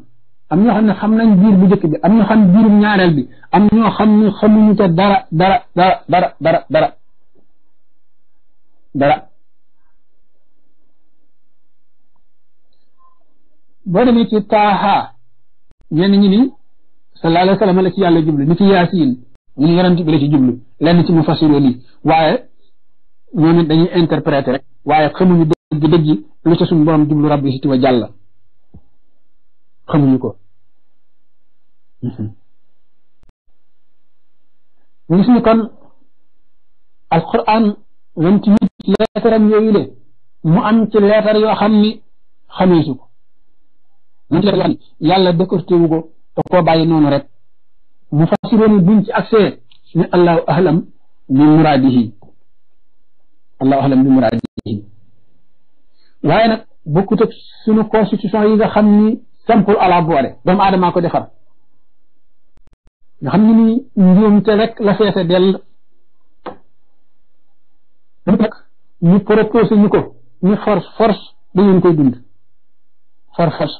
am ñoo xam ne xam nañ biir bu njëkk bi am ñoo xam biirum ñaareel bi am ñoo xam ne xamuñu te dara dara dara dara dara dara dara boo demee ci taaha ñi ni sallallahu alayhi la ci jublu ni ci yaasin ñu ni yonent bi la ci jublu lenn ci mu fasiro lii waaye ñoom it dañuy interpréter rek waaye xamuñu dëgg dëgg lu ca suñu borom jublu rabbi si jàlla xamuñu ko ñu mhm. gis ni kon alquran ñoom ci yooyu le mu am ci leetar yoo xam ni xameesu ko yàlla décortéwu ko te koo bàyyi noonu rek mu fasiroon buñ ci accès ni allahu ahlam bi muraadihi allahu ahlam bi muraadihi waaye nag bokkut ak sunu constitution yi nga xam ni simple à doomu aadamaa ko defar nga xam ne ni njuumte rek la feese dell nag ñu proposé ñu ko ñu force force da ngeen koy dund for force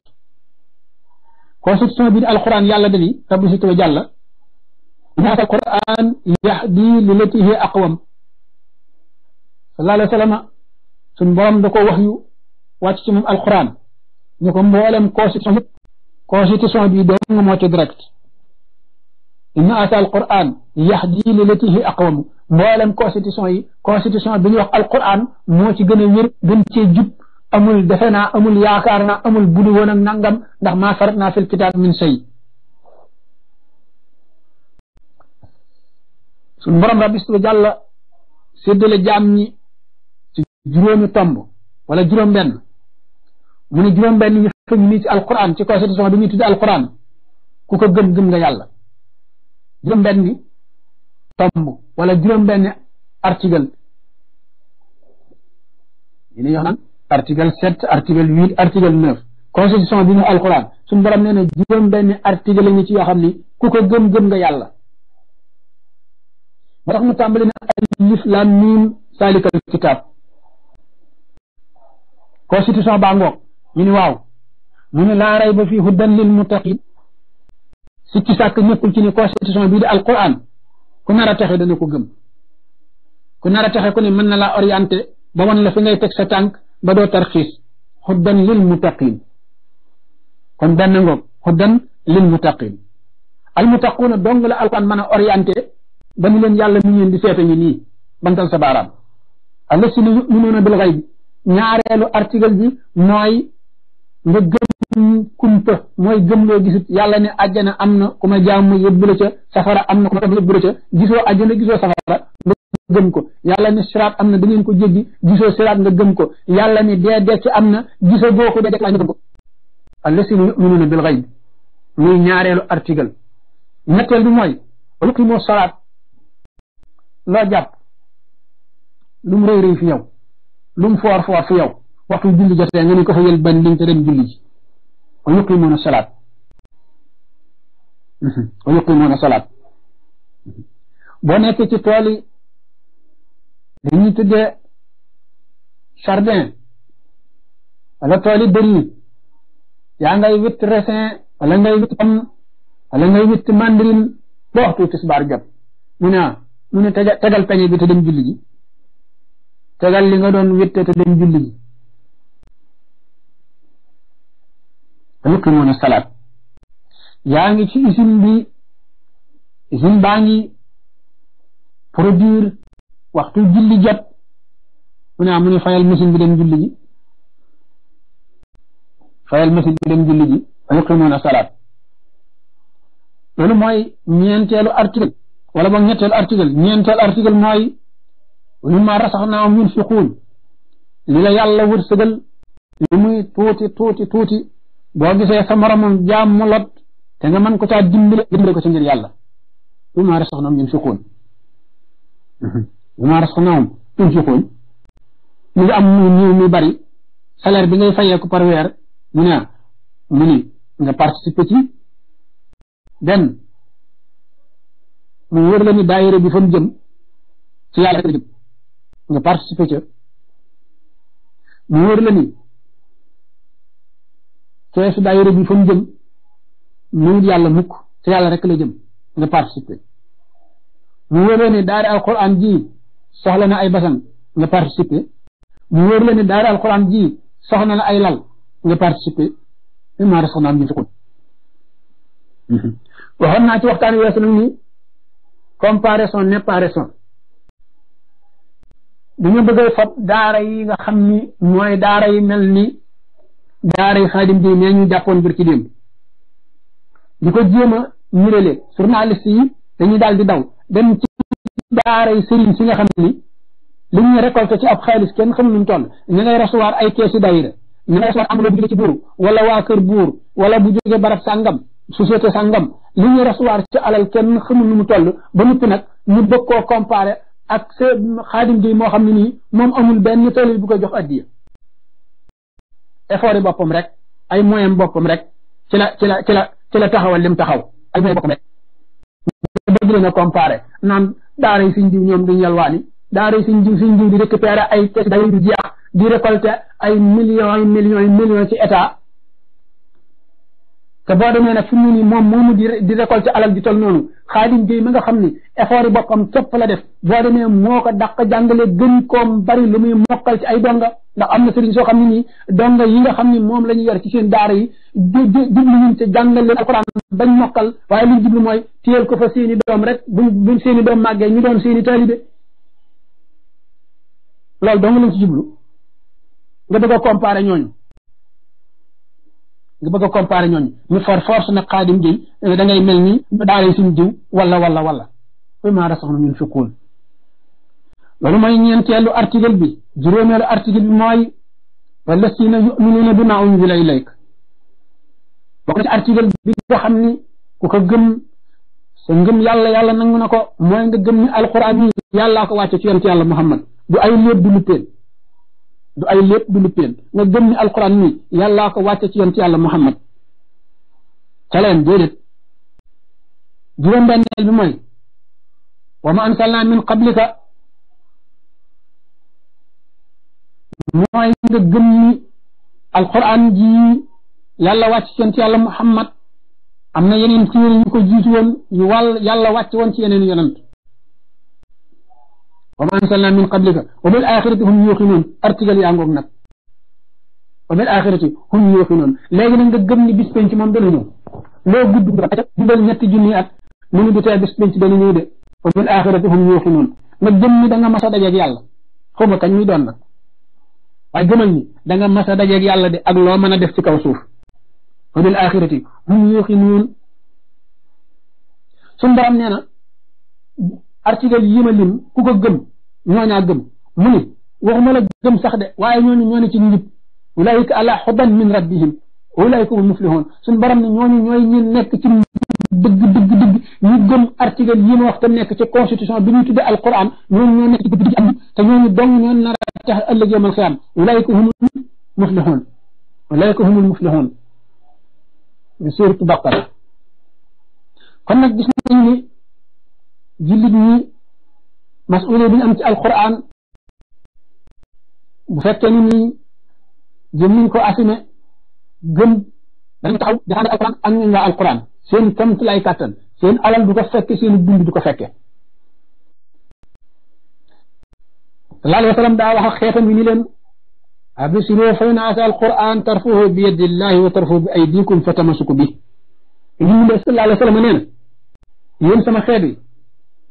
constitution bi di alquran yàlla dani rabbi si tuba jàlla naat alquran yahdi li lati hiya aqwam sallallahu alayhi wa sallam sun borom da ko wax yu wàcc ci moom alquran ñu ko mboolem constitution constitution bi dong moo ci direct inna ata alquran yahdi lilati hi aqwamu mboolem constitution yi constitution bi ñuy wax alquran moo ci gën a wér gën cee jub amul defe naa amul yaakaar naa amul budu woon ak nangam ndax maa farat naa fil kitaab min sëy suñ borom rabistu jàlla séddale jaam ñi ci juróomi tomb wala juróom-benn mu ne juróom-benn ñu fekk ñu nii ci alquran ci constitution bi ñuy tudd alquran ku ko gëm gëm nga yàlla juróom-benni tomb wala juróom-benni article ñu ne yoo xam article huit article neuf constitution bi ñu alquran suñu borom nee juróom-benni article la ci yoo xam ni ku ko gëm-gëm nga yàlla moo tax mu tàmbali na alif lam mim kitab constitution baa ngoog ñu waaw mu ne laa rayba fii hudan lil muttaqin si ci sàkk ñëkkul ci ni constitution bii di alquran ku nar a texe dana ko gëm ku nar a texe ku ne mën na laa orienté ba wan la fi ngay teg sa tànk ba doo tarxiis xuddan lil muttaqin kon benn ngoog xuddan lil muttaqin al muttaquuna dong la alquran mën a orienté ba ni leen yàlla mi ngeen di seete ngi nii bantal sa baaraam allasina yuminuuna bil xayb ñaareelu article bi mooy nga gëm kumpa mooy gëm loo gisut yàlla ne àjjana am na ku ma jaamu yóbbu la ca safara am na ku ma def yóbbu la ca gisoo àjjana gisoo safara nga gëm ko yàlla ne siraat am na da ngeen ko jéggi gisoo siraat nga gëm ko yàlla ne dee dekki am na gisoo boo ko dee dekki nga gëm ko allasina yuminuuna bil xayb muy ñaareelu article ñetteel bi mooy waluqimoo salaat loo jàpp lu mu rëy rëy fi yow lu mu foor foor fi yow waxtu julli jotee nga ne ko fa yël ban liñ te dem julli ji wa yuqimuuna salaat mhm. wa yuqimuuna salaat boo nekkee ci tool yi dañuy tuddee jardin wala tool bëri yaa ngay witt raisin wala ngay witt pomme wala ngay witt mandarine jot mu ne mu ne tegal peñe bi te dem julli ji tegal li nga doon witte te dem julli ji ركن الصلاة يعني شيء اسم بي اسم باني بروديور وقت جلي جاب هنا من فايل مسلم بدم جلي فايل مسلم بدم جلي ركن الصلاة لولو ماي نينتيلو ارتيكل ولا بو نيتيل ارتيكل نينتيل ارتيكل ماي ولما رسخنا من فقول لله يالله ورسغل لمي توتي توتي توتي boo gisee sa moromam jaam mu lot te nga mën ko caa dimbale ko ci ngir yàlla bi maa rasaxnaahum yunfiquun bi maa rasaxnaahum yunfiquun mu ngi am mu ñëw muy bari salaire bi ngay ko par weer mu ne mu ni nga participer ci mu wër la ni daayira bi mu jëm ci yàlla nga participer la ni feesu daayira bi fa mu jëm nuyut yàlla mukk te yàlla rek la jëm nga participer mu wóor la ne daara alquran ji soxla na ay basan nga participer mu wóor la ne daara alquran ji soxla na ay lal nga participer mais maa resox naa ñu ci mm-hmm. waxoon naa ci waxtaan weesu nag ni comparaison n'est daara yi nga xam ni mooy daara yi mel ni daaray xaadim bi nee ñu jàppoon bir ci démb di ko jéem a ñirale journaliste yi dañuy daal di daw dem ci daaray sëriñ si nga xam ni li ñuy récolté ci ab xaalis kenn xam nuñ toll ay keesi daayira ñu ngay recevoir kër buur wala bu jóge barab sàngam sàngam li ñuy kenn xamul nu mu toll ba noppi nag ñu bëgg koo comparé ak sa xaadim bi moo xam ne nii moom amul benn tool bu ko jox addiya effort yi boppam rek ay moyen boppam rek ci la ci la ci la ci la taxawal lim taxaw ay moyen boppam rek bëgg leen a comparé naan daara yi suñ diw ñoom duñ yalwaani daara yi suñ diw suñ diw ay di récolter ay millions yi millions ci état te boo demee nag fu mu nii moom moomu di di alal ji tol noonu xaadim géey ma nga xam ni effort boppam képp la def boo demee moo ko dàq jàngale gën koom bari lu muy mokkal ci ay donga ndax am na sëriñ soo xam ne nii donga yi nga xam ne moom la ñu yar ci seen daara yi jublu ñun te jàngal leen alxuraan bañ mokkal waaye liñ jublu mooy téyel ko fa seen doom rek buñ buñ seen doom màggee ñu doon seen i taalibe loolu dong lañ ci jublu nga bëgg a comparé ñooñu nga bëgg a comparé ñooñu ñu for force nag xaadim gi eh, da ngay mel ni daara yi suñu jiw wala wala wala muy maa rasax na ñun fi kuul loolu mooy ñeenteelu article bi juróomeelu article bi mooy wallasiina yuminuuna ma unzila ilayk bokk na ci article bi nga xam ni ku ko gëm sa ngëm yàlla yàlla nangu ko mooy nga gëm ni alquran yi yàllaa ko wàcce ci yonent yàlla muhammad du ay lépp du luppeen ay lépp du luppeen nga gëm ni alquran yi yàllaa ko wàcce ci yonent yàlla muhammad caleen déedéet juróom benneel bi mooy wa ma ansalna min qablika mooy nga gëm ni alquran ji yàlla wàcc ci yàlla muhammad am na yeneen téere yu ko jiitu woon yàlla wàcc woon ci yeneen yonent wa ma ansalna min qablika wa bil axirati hum yuqinoon article yaa ngoog nag wa bil axirati hum yuqinoon nga gëm ni bis dana ñëw loo gudd dundal mu ngi nga gëm ni da nga mas a dajeeg yàlla xaw ma kañ doon nag waaye gëmal ni da nga mas a dajeeg yàlla de ak loo mën a def ci kaw suuf wa bil axirati hum yuqinuun suñu borom nee na article yi ma lim ku ko gëm ñooñaa gëm mu ni waxuma gëm sax de waaye ñooñu ñoo ne ci njub ulaayika ala xudan min rabbihim ulaayika hum muflihun suñu borom ne ñooñu ñooy nekk ci dëgg dëgg ñu gëm article yi ma nekk ci constitution bi ñuy tudde alquran ñooñu ñooñu dong ñoo nar tax ëllëg yawmal qiyaam ulaayika humul muflixuun ulaayika humul muflixuun suuratu baqara kon nag gis nañ ni jullit ñi masuulee am ci alquran bu fekkee ni nii ko assumé gëm di xaar alquran seen kam lay kàttan seen alal du ko fekke seen dund du ko fekke sallallahu alayhi wa sallam daa wax ak xeetam ni leen absiroo fa in ata alquran tarfuhu bi yadillahi wa tarfuhu bi aydikum fa tamasuku bi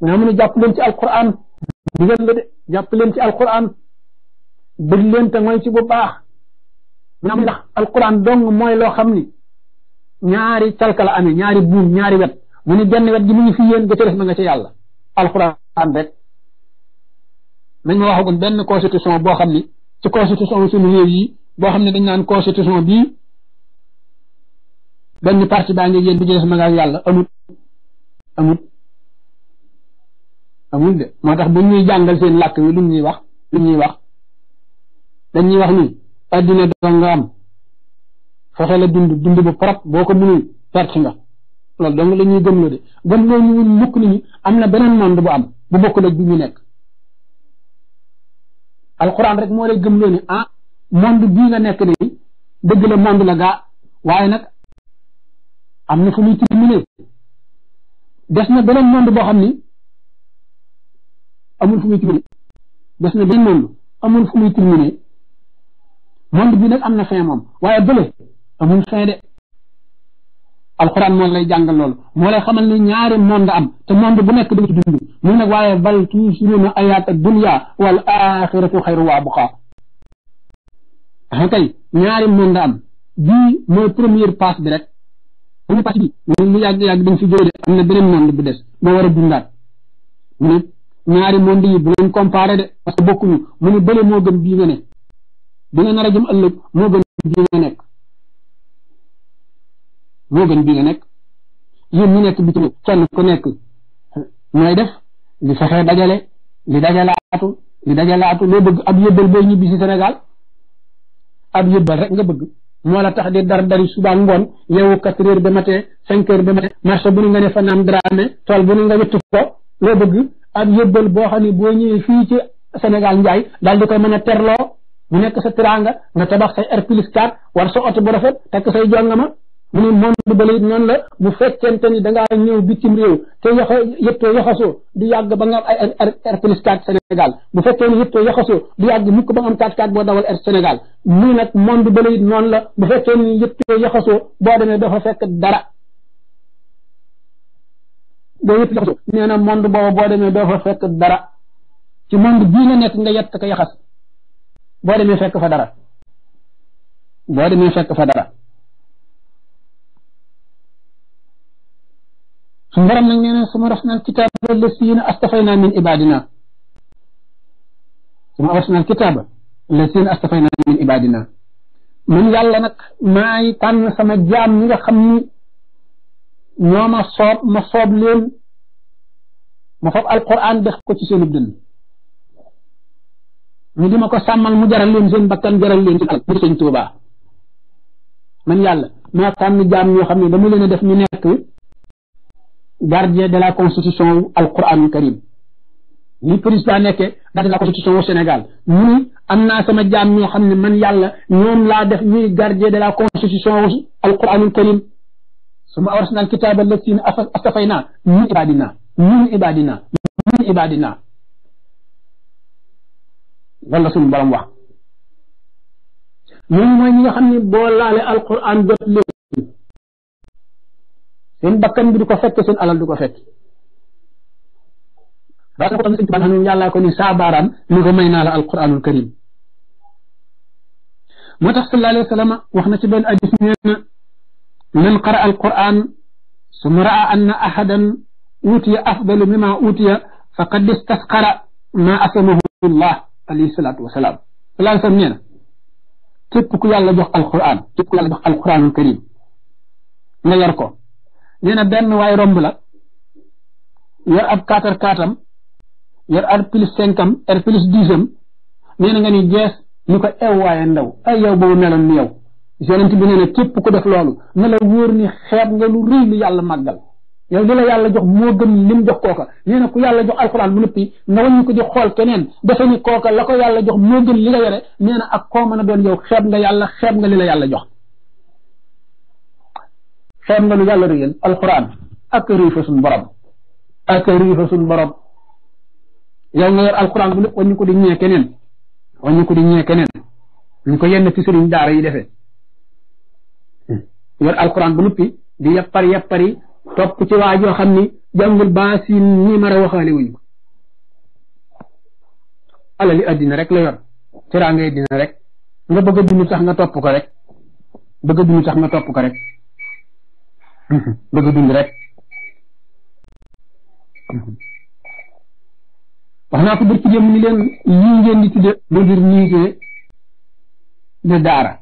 yii mu ne jàpp leen ci alquran jàpp leen ci alquran bëgg leen te mooy ci bu baax naa mu ndax alquran dong mooy loo xam ni ñaari calka la ñaari buum ñaari wet mu ne benn wet gi mu ngi fi yéen ga ca ma nga ca yàlla alquran rek nañu waxagum benn constitution boo xam ne ci constitution suñu réew boo xam ne dañ naan constitution bii parti baa ngi yéen bi ci nga yàlla amut amut amul de moo tax bu ñuy jàngal seen làkk wi lu ñuy wax lu ñuy wax dañ ñuy wax ni addina danga nga am fexe la dund dund bu propre boo ko mënul perte nga loolu donc la gëm la de gëm loo ñu mukk ni ñu am na beneen monde bu am bu bokk la bi nekk alquran rek moo lay gëm loo ne ah monde bii nga nekk ni dëgg la monde la gaa waaye nag am na fu muy terminé des na beneen monde boo xam ni amul fu muy terminé des na beneen monde amul fu muy terminé monde bi nag am na fin moom waaye bële amul fin de alxuraan moo lay jàngal loolu moo lay xamal ni ñaari monde am te monde bu nekk da nga mu nag waaye bal tuusiruuna ayaat ad dunya wal axiratu xayru wa abqa kay ñaari monde am bii mooy première passe bi rek mu lu yàgg yàgg dañ fi jóge am na beneen monde bu des moo war a dundaat ñaari monde yi bu leen comparé de parce bokkuñu mu ne bële moo gën bii nga ne bi a jëm ëllëg nga nekk moo gën bi nga nekk yéen ñi nekk bitim kenn ku nekk mooy def li fexee dajale li dajalaatu li dajalaatu loo bëgg ab yëbbal booy ñibbi si Sénégal ab yëbbal rek nga moo la tax di dar dari suba ngoon yeewu ba matin cinq heures ba matin nga ne fa naam dramé tool bu nu nga wëttu boo xam ne boo ñëwee fii ci Sénégal njaay daal di koy mën a terloo bu nekk sa teraanga nga tabax say R plus 4 war sa oto bu rafet takk say jongama mu ne monde ba it noonu la bu fekkente ni da ngaa ñëw bitim réew te yoxo du yàgg ba nga am ay R bu fekkee ni yëppee yoxasoo du yàgg mukk ba nga am 4 4 boo dawal R Sénégal mu nag monde ba it noonu la bu fekkee ni yëppee boo demee dafa fekk dara boo yëpp yoxasoo nee monde booba boo demee doo fa fekk dara ci monde bii nga nekk nga yett ko yaxas boo demee fekk fa dara boo demee fekk fa dara sun borom nag nee na suma rasna alkitaaba lasina astafayna min ibadina suma rasna alkitaaba lasina astafayna min ibadina man yàlla nag maay tànn sama jaam ñi nga xam ni ñoo ma soob ma soob leen ma fab alquran def ko ci seen dënn ñu di ma ko sàmmal mu jaral leen seen bakkan jaral leen ci alal bu sëñ tuubaa man yàlla maa tànn jaam ñoo xam ne dama leen a def ñu nekk gardien de la constitution wu alquranul karim ni président nekkee gardien de naa sama jaam ñoo xam ne man yàlla ñoom laa def ñuy de la constitution wu alquranul karim suma awrasnal kitaaba lazina astafayna min ibadina min ibadina min ibadina loolu la suñu borom wax ñooñu mooy ñi xam ne boo laale alquran jot seen bakkan bi du ko fekk seen alal du ko fekk ba ko tamit ban xanu yalla ko ni sa baram ni ko may na la alquranul karim motax sallallahu alayhi wasallam wax na ci ben hadith neena man qara alquran summa ra'a anna ahadan utiya afdalu mimma utiya faqad istasqara ma asamahu allah alayhi salatu wasalam sallallahu alayhi wasallam neena képp ku yàlla jox alquran képp ku yàlla jox alquranul karim nga yar ko nee benn waay romb la yor ab quatre kaatam yor ar plus cinq am ar nga ni jees ñu ko ew waaye ndaw ay yow boobu meloon ni yow yonent bi nee na képp ku def loolu na la wóor ni xeet nga lu rëy lu yàlla màggal yow li yàlla jox moo gën lim jox kooka nee na ku yàlla jox alxuraan bu noppi nga waññu ko di xool keneen dafa ni kooka la ko yàlla jox moo gën li nga yore na ak koo mën a doon yow xeeb nga yàlla xeeb nga li la yàlla jox xeeb nga lu yàlla réyal alquran ak riifa suñ borom ak riifa suñ borom yow nga yor alquran bu lépp waññu ko di ñee keneen waññu ko di ñee keneen ñu ko yenn ci sëriñ daara yi defee yor alquran bu nuppi di yappar yappari topp ci waa joo xam ni jàngul baasin nii mara waxaale wuñu ko alali addina rek la yor ci raa ngay dina rek nga bëgg a dund sax nga topp ko rek bëgg a dund sax nga topp ko rek bëgg dund rek wax naa ko bër ci démb ni leen ñii di tudde modernité de daara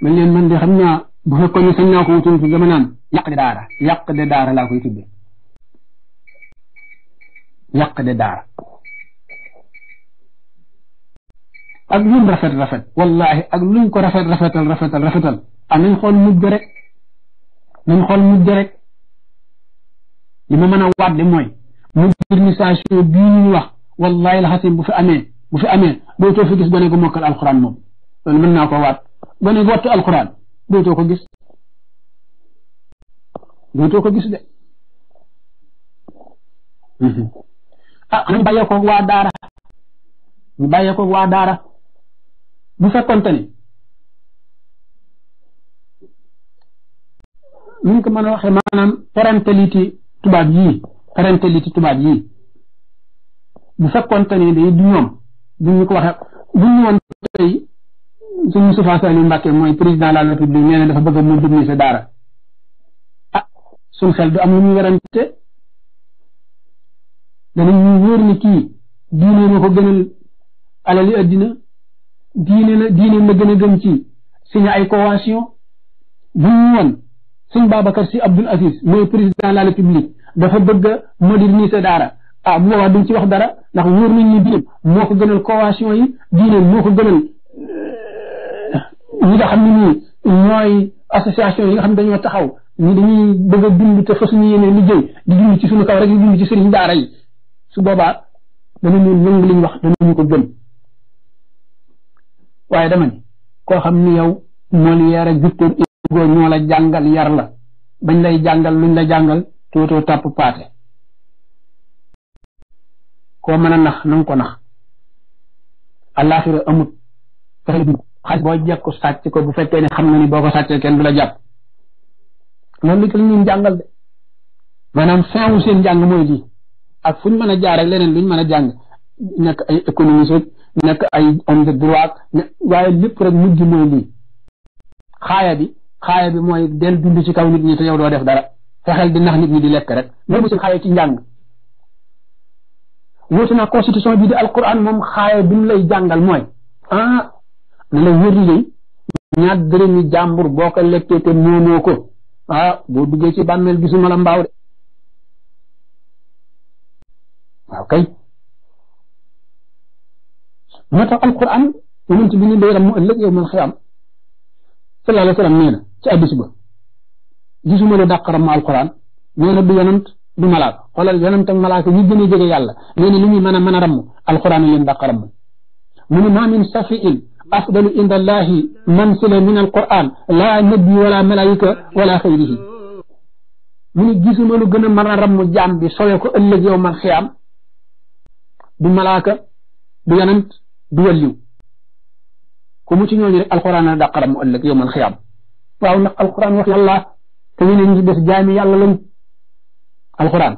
man man de xam naa bu fekkoon ne sañ naa ko wutoon dama naan yàq de daara yàq de daara laa koy tudde yàq de daara ak lum rafet rafet wallahi ak luñ ko rafet rafetal rafetal rafetal ak nañ xool mujj rek nañ xool mujj rek li ma mën a wàdde mooy modernisation bi ñu wax wallahi la xasim bu fi amé bu fi amé do to fi gis bané ko mokal alquran moom loolu mën naa ko waat bané gu wattu do to ko gis do to ko gis de ah ñu bayé ko wa dara ñu bayé ko wa dara bu fekkonte ni ñu ko mën a waxee maanaam parentalité tubaab yii parentalité tubaab yii bu fekkonte ni day du ñoom bu ñu ko waxee bu ñu woon tey suñu Moustapha Saliou Mbacke mooy président de république nee dafa bëgg mu jublu sa daara ah suñ xel du am lu ñu werante ni kii diine ma ko gënal alali addina diine la diine la gën a gëm ci signé ay convention bu ñu woon suñ Babacar si Abdoul Aziz mooy président la république dafa bëgg a moderniser daara ah bu boobaa duñ ci wax dara ndax wóor nañ ni diine moo ko gënal convention yi diine moo ko gënal ñi nga xam ne nii ñooy association yi nga xam ne dañoo taxaw ñi dañuy bëgg a dund te fasuñu yéene liggéey di dund ci suñu kaw rek di dund ci sëriñ daara yi su boobaa danañu lëng liñ wax danañu ko gëm waaye dama ni koo xam ni yow Molière ak Victor Hugo ñoo la jàngal yar la bañ lay jàngal luñ la jàngal tootoo tàpp paate koo mën a nax nanga ko nax àllaaxira amut xaj boo jekku sàcc ko bu fekkee ne xam na ni boo ko sàccee kenn du la jàpp loolu li ko ñun jàngal de maanaam fin wu seen jàng mooy ak fu ñu mën a jaar ak leneen luñ mën a jàng nekk ay nekk ay homme de droite waaye lépp rek mujj mooy lii xaaya bi xaaya bi mooy den dund ci kaw nit ñi te yow doo def dara fexeel di nax nit ñi di lekk rek loolu si xaaya ci njàng wuute naa constitution bi di alquran moom xaaya bi mu lay jàngal mooy ah na la wër lay ñaar dërëmi jàmbur boo ko lekkee te moomoo ko ah, boo duggee ci bàmmeel gisuma la mbaaw de waaw kay moo tax alquran yonent bi ni léeram mu ëllëg yow man xiyaam sallallahu alayhi wa sallam nee na ci addis ba gisuma lu dàq ram ma alquran nee na du yonent du malaaka xoolal yonent ak malaaka ñi gën a jege yàlla nee na li muy mën a mën a ramm alquran leen dàq ramm mu ne maa min safiin afdalu inda allahi mansila min alquran laa nabi wala malaayika wala xayrihi mu ne gisuma lu gën a mën a ramm jaam bi sowe ko ëllëg yow man xiyaam du malaaka du yonent du wàlliw ku mu ci ñooñu rek alxuraan na dàqaram mu ëllëg yowmal xiyaam waaw ndax alxuraan wax yàlla te ñeneen ñi des jaami yàlla lañ alxuraan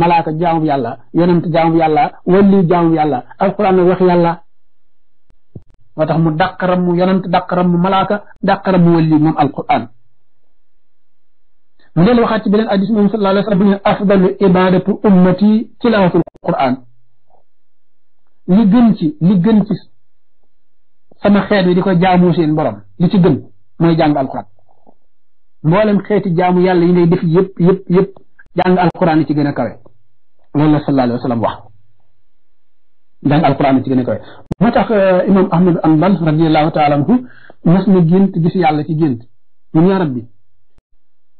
malaaka jaamu yàlla yonent jaamu yàlla wàlliw jaamu yàlla alxuraan na wax yàlla moo tax mu dàqaram mu yonent dàqaram mu malaaka dàqaram mu wàlliw mu leen waxaat ci beneen addis moom sallallahu alayhi wa sallam afdalu ibadatu ummati tilaawatul quran li gën ci li gën ci sama xeet wi di ko jaamu seen borom li ci gën mooy jàng alxuraan mboolem xeeti jaamu yàlla yi ngay def yëpp yëpp yëpp jàng alxuraan ci gën a kawe loolu la sallallahu alayhi gën a kawe moo tax euh, imam ahmad anbal radiallahu taala anhu mas na gént gis yàlla ci gént mun yaa rabbi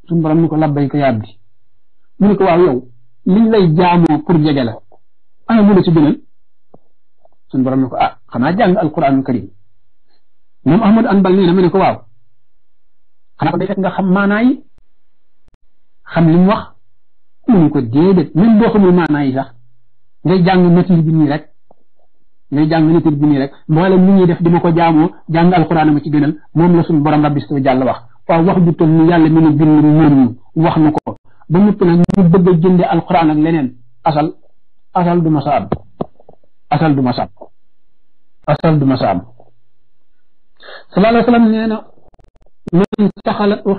suñu borom ni ko labbay ko yàbbi mu ne ko waaw yow liñ lay jaamoo pour jege la ana mu la ci gënal suñ borom na ko ah xanaa jàng alquranul karim moom Ahmadou Hanbal nee na mu ne ko waaw xanaa ko day nga xam maanaay xam li mu wax mu ne ko déedéet même boo xamul maanaa sax ngay jàng nature bi nii rek ngay jàng nature bi nii rek mboolem li ñuy ko jaamoo jàng alquran ma ci gënal moom la suñu borom rabbi su jàll wax waaw wax ju toll ni yàlla mi bind moom wax na ko ba noppi nag ñu bëgg a jënde alquran ak leneen asal asal du ma asal du ma sàmm asal du ma sallallahu alayhi wa sallam من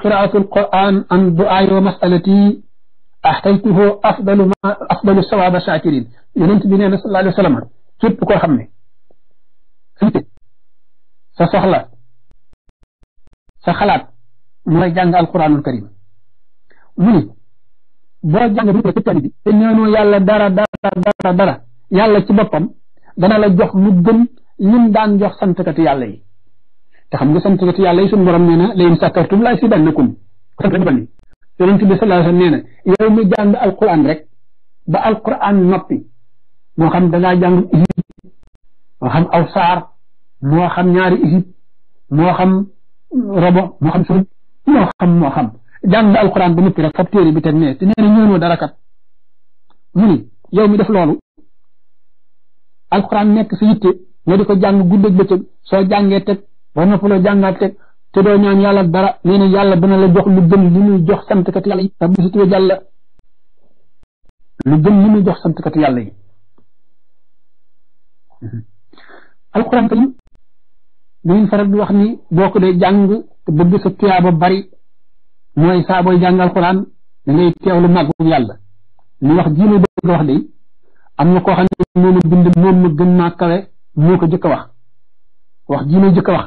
قراءة القرآن عن دعاء ومسألتي أحتيته أفضل ما أفضل الثواب الشاكرين يونت بنا نينا صلى الله عليه وسلم كيف كو خمي فيت سأخلا سخلا سا موي جانغ القرآن الكريم مني بو جانغ تاني تالي بي يالا دارا دارا دارا دارا yàlla ci boppam dana la jox lu gën lim daan jox santkatu yàlla yi te xam nga santkatu yàlla yi suñu borom nee na la in sakartum la azidannakum yonent bi sallallahu alayhi wasallam nee na yow mi jàng alquran rek ba alquran noppi moo xam dangaa jàng isib moo aw saar moo xam ñaari isib moo xam robo moo ba noppi rek fab téere bi teg ne te nee na ñëwoo dara kat mu ni mi def loolu alxuraan nekk sa yitte nga di ko jàng guddeeg bëccëg soo jàngee teg boo noppaloo jàngaat te doo ñaan yàlla dara nee na yàlla dana la jox lu gën li muy jox santkat yàlla yi tax bu si tuwee yàlla lu gën jox santkat yàlla yi alxuraan karim dañuy faral di wax ni boo ko dee jàng te bëgg sa tuyaaba bari mooy saa booy jàng alxuraan da ngay teewlu màggu yàlla li wax ji may bëgg wax de am na ko xam ne moom a bind moom ma gën naa kawe moo ko jëkk a wax wax ji may jëkk wax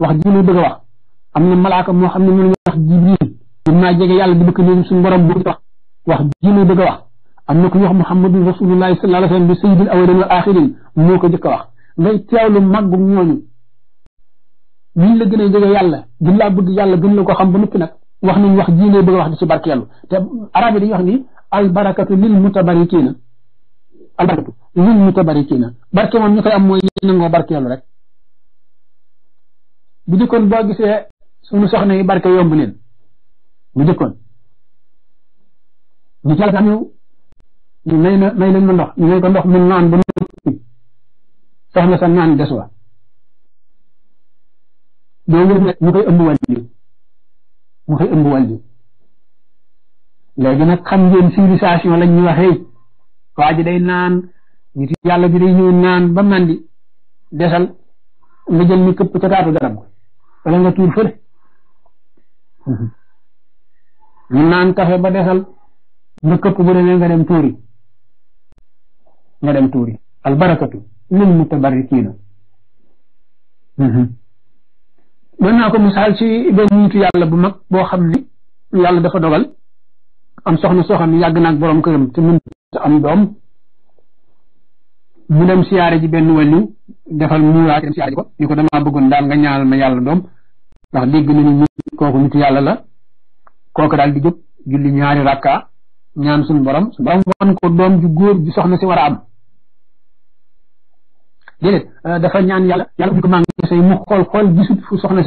wax ji may bëgg a am na malaaka moo xam ne moom wax jibril naa jege yàlla di bëgg borom bu wax wax ji may bëgg am na ku wax muhammadu rasulullahi sallallahu alayhi wasallam bi sayyidil awwalin wal axirin moo ko jëkk a wax ngay teewlu màggum ñu liñ la gën a jege yàlla gën laa bëgg yàlla gën la ko xam ba noppi nag wax nañ wax ji ngay bëgg a wax di ci barkeelu te arab yi dañuy wax ni albarakatu lil mutabarikina albarkatu lim mu ta bari kii na barke ñu koy am mooy ñi nangoo barkeelu rek bu jëkkoon boo gisee suñu soxna yi barke yomb leen bu jëkkoon ñu jàll sax ñu ñu na may leen des wa doo wër ne mu koy ëmb wàllu léegi nag xam ngeen civilisation lañ waxee waa ji day naan nit yàlla bi day ñëw naan ba mandi desal nga jël ni këpp ca taatu garab wala nga tuur fële mu naan kafe ba desal nga këpp bu demee nga dem tuuri nga dem tuuri albarakatu lil mutabarrikiina mën naa ko misaal ci benn nitu yàlla bu mag boo xam ni yàlla dafa dogal am soxna soo yàgg naag borom këram te mën te am doom mu dem siyaare ji benn wàllu defal muuraay dem siyaare ji ko ni ko damaa bëggoon daal nga ñaanal ma yàlla doom ndax dégg ni kooku yàlla la kooku daal di jóg julli ñaari rakka ñaan suñu borom suñu borom wan ko doom ju daal di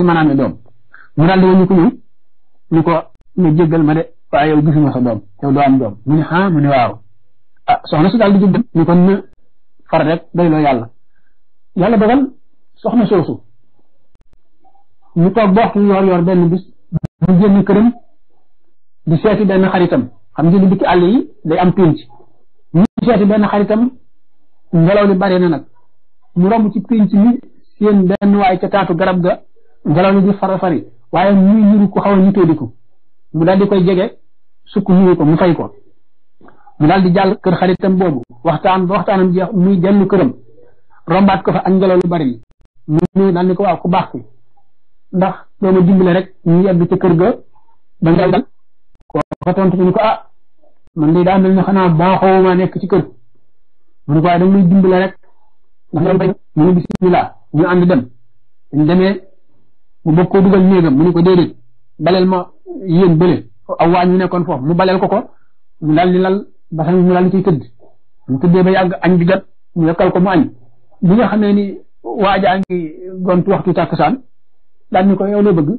wane ko ñëw ñu ko ñu jéggal ma de waaye gisuma sa doom yow doo am doom mu ne ah ne waaw ah soxna si daal di jóg ni kon na far rek doy loo yàlla yàlla dogal soxna soosu ñu toog ba waxtu yoor yoor benn bis mu génn këram di seeti benn xaritam xam nga li dikki àll yi day am pénc mu seeti bare na nag mu romb ci pénc mi seen benn waay ca taatu garab ga ngelaw li di farafari waaye muy niru ko xaw a nitoo di ko mu daal di koy jege sukk nuyu ko mu fay ko mu daal di jàll kër xaritam boobu waxtaan ba waxtaanam jeex muy dellu këram rombaat ko fa ak ngelaw lu bari mu nuyu daal ni ko waaw ku baax ki ndax doo ma dimbale rek ñu yegg ca kër ga ba ngelaw dal ko ah man daa mel ni xanaa baaxoo ma nekk ci kër mu ne ko waaye mu ne ñu ànd dem ñu demee mu bëgg koo dugal néegam mu ne ko déedéet baleel ma yéen bële aw waañ ñu nekkoon foofu mu baleel ko ko mu daal di lal ba xam mu untuk dia tëdd mu tëddee ba yàgg añ bi jot mu yokkal ko mu añ bi nga xamee ni waajaa ngi gont waxtu tàkkusaan daal ni ko yow loo bëgg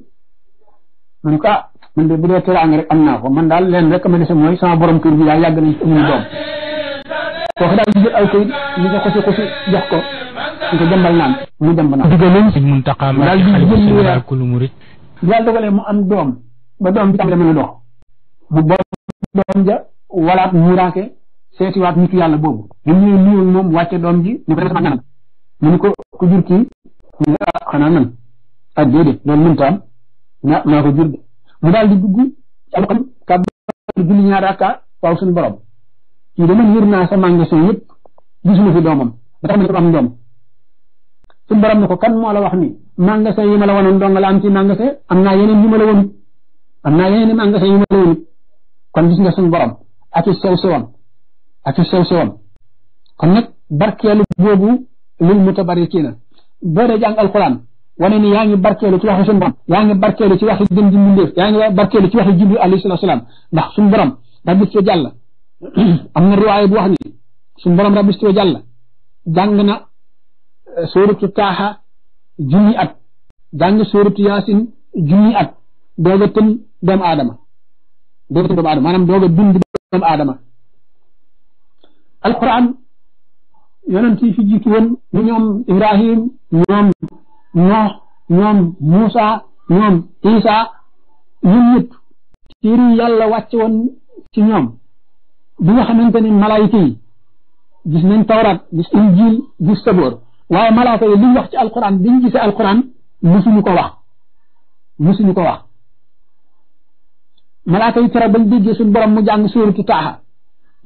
man ko ah, man de bu dee teraanga rek am naa ko man daal leen rek ma dese mooy sama borom kër bi daal yàgg nañ doom di jël aw kayit ñu ko xusi xusi jox ko ñu ko jëmbal naan mu jëmb di jël lu kulu murit yàlla dogalee mu am doom ba doom bi tàmbalee mën dox mu doom ja walaat muuraake seetiwaat nitu yàlla boobu ñu ñëwee nuyoo moom wàcce doom ji ñu ko defee sama ñanam ñu ko ku jur kii ah, ah, ko jur de mu daal di dugg julli ñaari rakka waaw suñu borom kii na am borom ne ko kan moo la wax ni magasin yi ma la wanoon dong la am ci magasin am naa yeneen yu wonut am naa yeneen magasin yu ma wonut kon gis nga suñ borom aki sew sewam aki sew sewam kon nag barkeelu boobu lil mutabarikiina boo dee jàng alquran wane ni yaa ngi barkeelu ci waxi suñu borom yaa ngi barkeelu ci waxi gën alayhi salaam ndax suñu borom rabbi ci jàll am na riwaaya bu wax ni suñu rabbi ci jàll jàng na eh, suuratu taaxa junni at jàng suuratu yaasin junni at doog doomu aadama doog doomu aadama maanaam doog a doomu aadama alquran yonent yi fi jiitu woon ni ñoom ibrahim ñoom noox ñoom muusa ñoom isa ñun ñëpp téere yàlla wàcce woon ci ñoom bi nga xamante ni malaayika yi gis nañ tawrat gis injil gis saboor waaye malaaka yi liñ wax ci alquran biñ gisee alquran musuñu ko wax musuñu ko wax malaaka yi kero bañ déggee suñ borom mu jàng suuratu taaha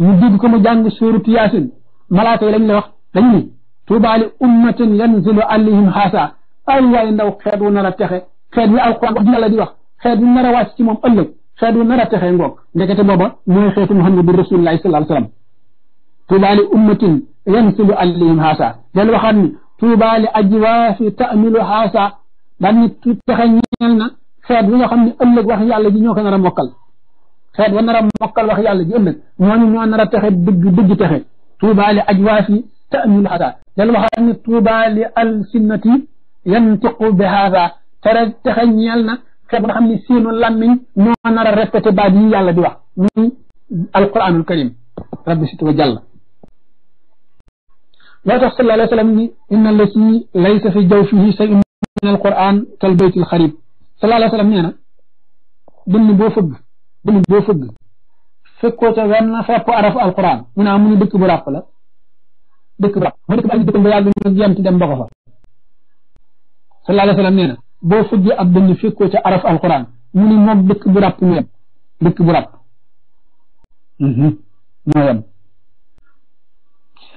ñu dégg ko mu jàng suuratu yaasin malaaka yi lañ la wax dañ ni tuubaa li ummatin yanzilu alayhim xaasa ay waay ndaw xeet wu nar a texe xeet wi alquran wax yàlla di wax xeet wu nar a wàcc ci moom ëllëg xeet wu nar a texe ngoog ndekete booba mooy xeetu muhammadu rasulillahi sallallahu alayhi wasallam tuubaa li ummatin yanzilu alayhim xaasa del waxaat ni tuubaa li ajwaafi ta'milu xaasa daan ni texe ñeel na xeet wi nga xam ne ëllëg wax yàlla ji ñoo ko nar a mokkal xeet wa nar a mokkal wax yàlla ji ëllëg ñooñu ñoo nar a texe dëgg dëgg texe tuubaa li ajwaasi taamul xataa dal waxa ni tuubaa li al alsinnati yantiqu bi haada tere texe ñeel na xeet nga xam ne seenu làmmiñ ñoo nar a répété baat yi yàlla di wax muy alquranul karim rabbi situ wa jàll tax sallallahu alayhi wa sallam ni inna allati laysa fi jawfihi shay'un min alquran kal baytil xarib sallallahu alayhi wa sallam nee boo fëgg dënn boo fëgg fekkoo ca wenn fepp mu naa ah, mu ñu dëkk bu ràpp la dëkk bu ràpp mu dëkk bu ay dem ba fa sallallahu alayhi wa sallam nee na boo fëggee ab dënn fekkoo ca mu ni moom dëkk bu ràpp ñu yem dëkk bu ràpp ñoo mhm, yem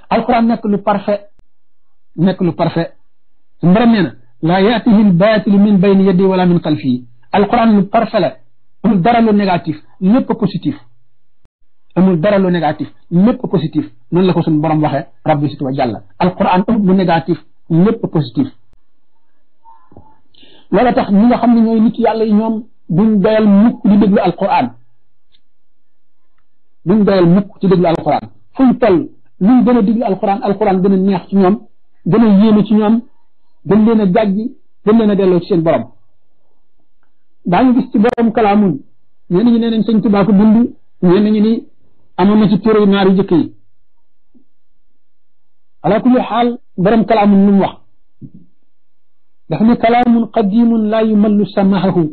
alquran nekk lu parfait nekk lu parfait su mbaram laa yaatihi lbaatilu min bayni yadi wala min xalfi alquran lu parfait la dara lu négatif lépp positif amul dara lu négatif lépp positif noonu la ko suñu borom waxee rabbi situ wa jàlla alquran amul lu négatif lépp positif loola tax ñi nga xam ne ñooy nit yàlla yi ñoom duñ doyal mukk di déglu alquran duñ doyal mukk ci déglu alquran fuñ toll luñ gën a déglu alquran alquran neex ci ñoom gën a yéeme ci ñoom gën leen a jàjji gën leen a delloo ci seen borom daañu gis ci borom kalaamun ñenn ñi nee nañ sëñ tubaa ko dund ñenn ñi ni amoon na ci tuur yu naar yu jëkk yi ala kulli xaal borom kalaamun lu mu wax dafa ne kalaamun qadimun laa yumallu samahahu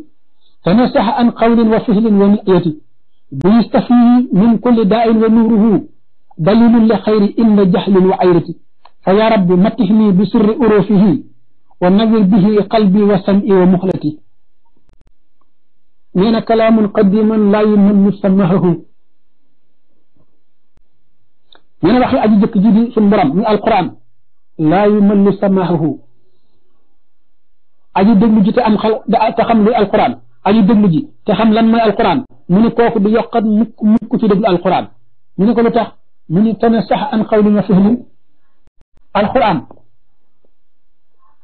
فنصح عن قول وفعل ونية بيستفيه من كل داء ونوره دليل لخير إن جهل وعيرة فيا رب متهني بسر أروفه ونذر به قلبي وسمعي ومهلتي من كلام قديم لا يمن مستمره من وحي أجدك جدي سنبرم من القرآن لا يمن مستمره أجد مجي تأم خل تخم لي القرآن أجد مجي تخم لما القرآن من كوف بيقد مك مك القرآن من كل تخ من تنسح أن قولنا فيه القرآن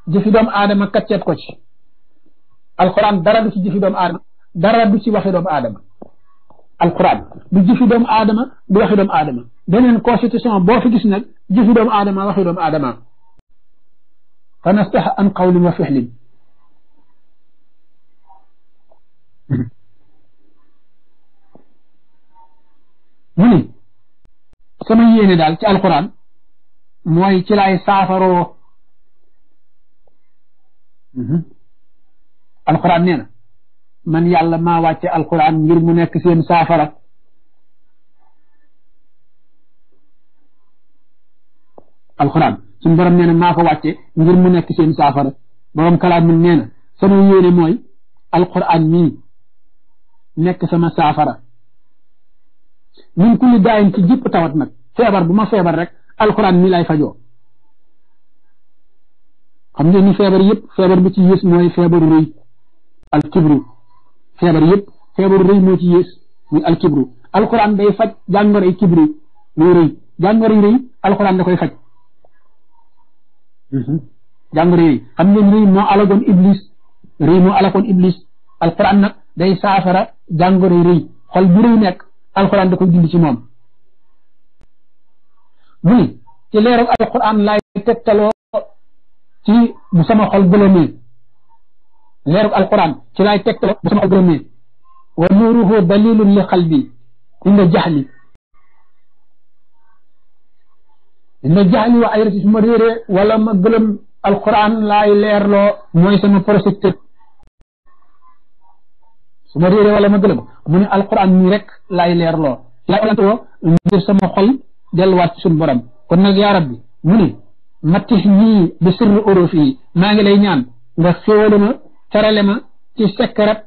jëfi doomu aadama kacceet ko ci alquran dara du ci jëfi doomu aadama dara du ci waxi doomu aadama alquran du jëfi doomu aadama du waxi doomu aadama beneen constitution boo fi gis nag jëfi doomu aadama waxi doomu aadama فنستح عن قول وفعل مني سما ييني دال ci alquran moy ci lay saafaro Mhm. alquran nee man yàlla maa wàcce alquran ngir mu nekk seen saafara alquran suñu borom nee maa ko wàcce ngir mu nekk seen saafara borom kalaam mun sama yéene mooy alquran mii nekk sama saafara min kulli daayin ci jëpp tawat nag feebar bu ma feebar rek alquran mii lay fajoo xam ngeen ni feebar yëpp feebar bi ci yées mooy feebaru rëy al kibru feebar yëpp feebaru rëy moo ci yées muy al kibru alquran day faj jàngoro ay kibru muy rëy jàngoro yi rëy alquran da koy faj mhm. jàngoro yi xam ngeen rëy moo alagoon iblis rëy moo alagoon iblis alquran nag day saafara jàngoro yi rëy xol bu rëy nekk alquran da koy dindi ci moom mu ni ci leeru alquran laay tegtaloo ci bu sama xol gëlëmee leerug alquran ci laay tegtal bu sama xol gëlëmee wa nuuruhu dalilun li xalbi inda jaxli inda jaxli wa ay su ma réeree wala ma gëlëm alquran laay leerloo mooy sama projecteur su ma réeree wala ma mu ne alquran mi rek laay leerloo laay orienté sama xol delluwaat ci suñu boram kon nag yaa rabbi mu ne mattix nii bi sirri uruf yi maa ngi lay ñaan nga xéwale ma terale ma ci sekkarat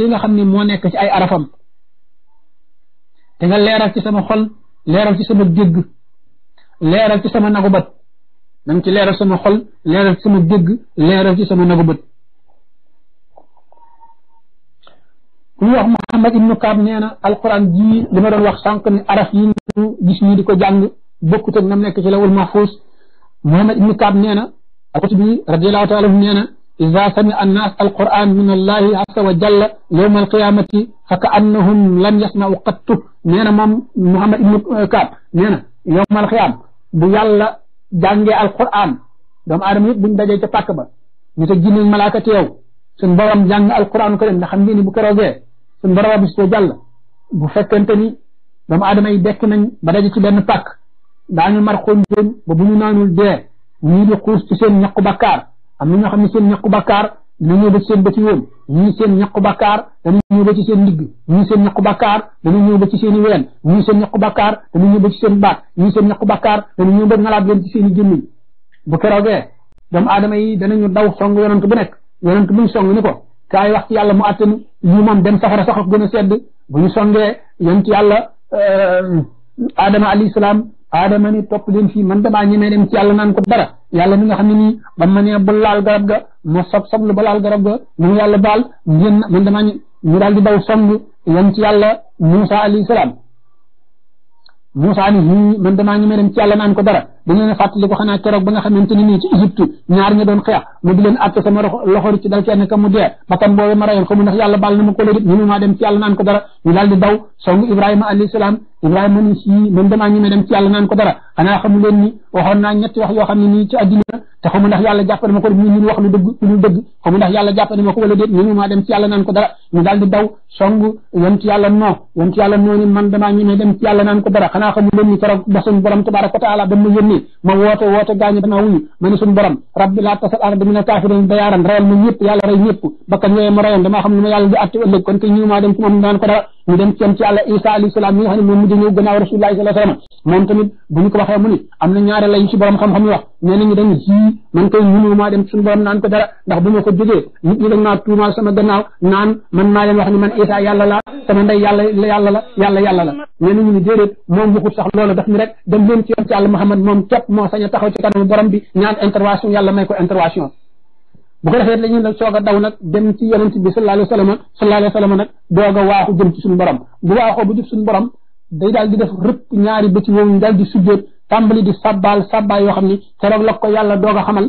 yi nga xam ne moo nekk ci ay arafam te nga leeral ci sama xol leeral ci sama dégg leeral ci sama nagu da nga ci leeral sama xol leeral ci ci sama nagu bët ku ñu wax Muhammad ibnu Kaab nee na alquran jii li ma doon wax sànq ni araf yi ñu gis ñi di ko jàng bokkut ak nam nekk ci lawul mahfuus محمد بن كعب نينا القطبي رضي الله تعالى عنه نينا إذا سمع الناس القرآن من الله عز وجل يوم القيامة فكأنهم لم يسمعوا قط نينا محمد بن كعب نينا يوم القيامة بيالا جانجي القرآن دوم آدم يب بن دجاجة فاكبا نتا جين الملاكة يو سن جانج القرآن كريم نحن ديني بكرا زي سن برام بسو جالا بفكنتني دوم آدم يبكنن بدجاجة بن فاكبا daañu mar xonjéen ba bu ñu naanul dee ñii di xuus ci seen ñaqu bakkaar am na ñoo xam ne seen ñaqu bakkaar dina ñëw ba ci seen bëti wéen bakkaar dana ñëw ba ci seen ndigg ñii seen ñaqu bakkaar dana ñëw ba ci seen i bakkaar dana ñëw ba ci seen baat ñii seen ñaqu bakkaar dana ñëw ba ngalaat leen ci seen i bu keroogee doomu aadama daw song yonent bu nekk yonent buñ song ni ko kaay wax yàlla mu àttanu lii moom dem safara sax ak gën a sedd bu ñu songee yonent yàlla euh, Adama alayhi salaam Adama ni topp leen fii man damaa ñemee dem ci yàlla naan ko dara yàlla mi a xam ne ba ma nee ba laal garab ga ma sob soblu ba laal garab ga mu yàlla baal ngeen man damaa ñu daal di ci yàlla naan ko dara. da ngeen a ko xanaa keroog ba nga xamante ni nii ci Égypte ñaar ña doon xeex mu di leen àtte sama loxori ci dal kenn ka mu dee bakkan boobu ma rayoon xamu ndax yàlla baal na ma ko léegi ñu ma dem ci naan ko dara ñu daal di daw song Ibrahima alayhi salaam Ibrahima ni si man damaa ñi ma dem ci naan ko dara xanaa xamu ni waxoon naa ñetti wax yoo xam ne nii addina te xamu ndax yàlla jàpp na ma ko ñu ñu wax lu ma ko wala déet ñu maa dem ci yàlla naan ko dara ñu daal di daw song yonent yàlla noo noo ni ci yàlla naan ko ni keroog ba suñ borom tabaraka wa taala ba mu yónni ma woote woote gaañu dama wuyu ma ma ñëpp yàlla ma xam ne ma yàlla di atte ëllëg kon kay ñu maa dem ci moom naan ko dara ñu dem ci yonent yàlla salaam mi nga xam ne moom mujj ñëw gannaaw rasulullahi moom tamit bu ñu ko waxee mu ni am na ñaari lay lii man koy mënu maa dem suñu borom naan ko dara ndax bu ma ko jógee nit ñi dañ maa tuumaal sama gannaaw naan man maa leen wax ni man Isa yàlla la sama ndey yàlla yàlla la yàlla yàlla la moom waxut moo sañ a taxaw ci kanamu borom bi ñaan intervention yàlla may ko intervention bu ko defee la ñuy a daw nag dem ci yonent bi sallallahu alayhi wa sallam sallallahu alayhi nag doog a waaxu jëm ci suñu borom bu waaxoo bu jub suñu borom day daal di def rëpp tàmbali di sabbaal sabbaal yoo xam ni keroog la ko yàlla doog a xamal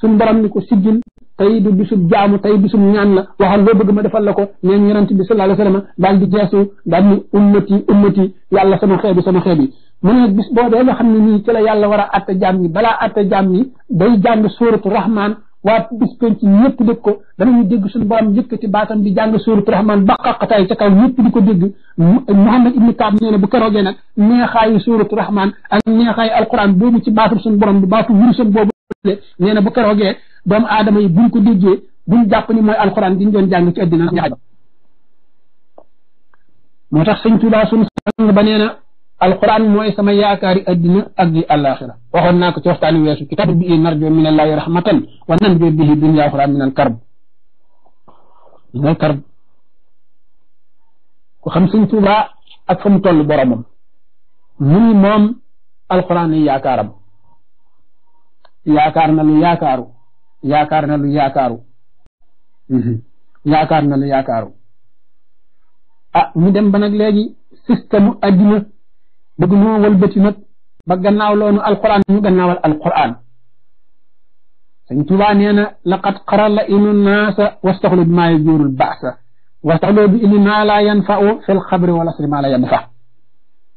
suñ borom ni ko siggil tey du bisub jaamu tey bisub ñaan la waxal loo bëgg ma defal la ko neen yonent bi sallallahu alayhi wasallam daal di geesu daal ni ummati ummati yàlla sama xeebi sama xeebi mu ne bis boobee nga xam ne nii ci la yàlla war a a jaam ñi balaa atte jaam ñi day jàng suuratu rahmaan waa bis penc ñëpp dégg ko danañu dégg suñu borom yëkkati baatam bi jàng suuratu rahmaan ba xaqataay ca kaw ñëpp ko dégg Muhammad ibnu Kaab nee bu keroogee nag neexaayu suuratu rahmaan ak neexaayu alquran boobu ci baatam suñu borom bi baatu wurusam boobu nee bu keroogee doomu aadama yi buñ ko déggee buñ jàpp ni mooy alquran diñ doon jàng ci addina ñaaj moo tax sëñ Tuubaa ba nee alquran mooy sama yaakaari addina ak yi àllaaxira waxoon naa ko ci waxtaani weesu kitaab bi narjo min allaahi rahmatan wa nanjo bihi dunya axra min al karb min al karb ku xam sëñ Tuubaa ak fa mu toll boromam mu ni moom alquran yi yaakaaram yaakaar na lu yaakaaru yaakaar na lu yaakaaru mhm. yaakaar na lu yaakaaru ah ñu dem ba nag léegi addina bëgg noo wëlbati nag ba gannaaw loonu alquran ñu gannaawal alquran sëñ tuba nee na laqad qarala ilu naasa wastaxlu bimaa yujuurul baasa wastaxlu bi ili maa laa yanfau fi lxabri wal asri maa laa yanfa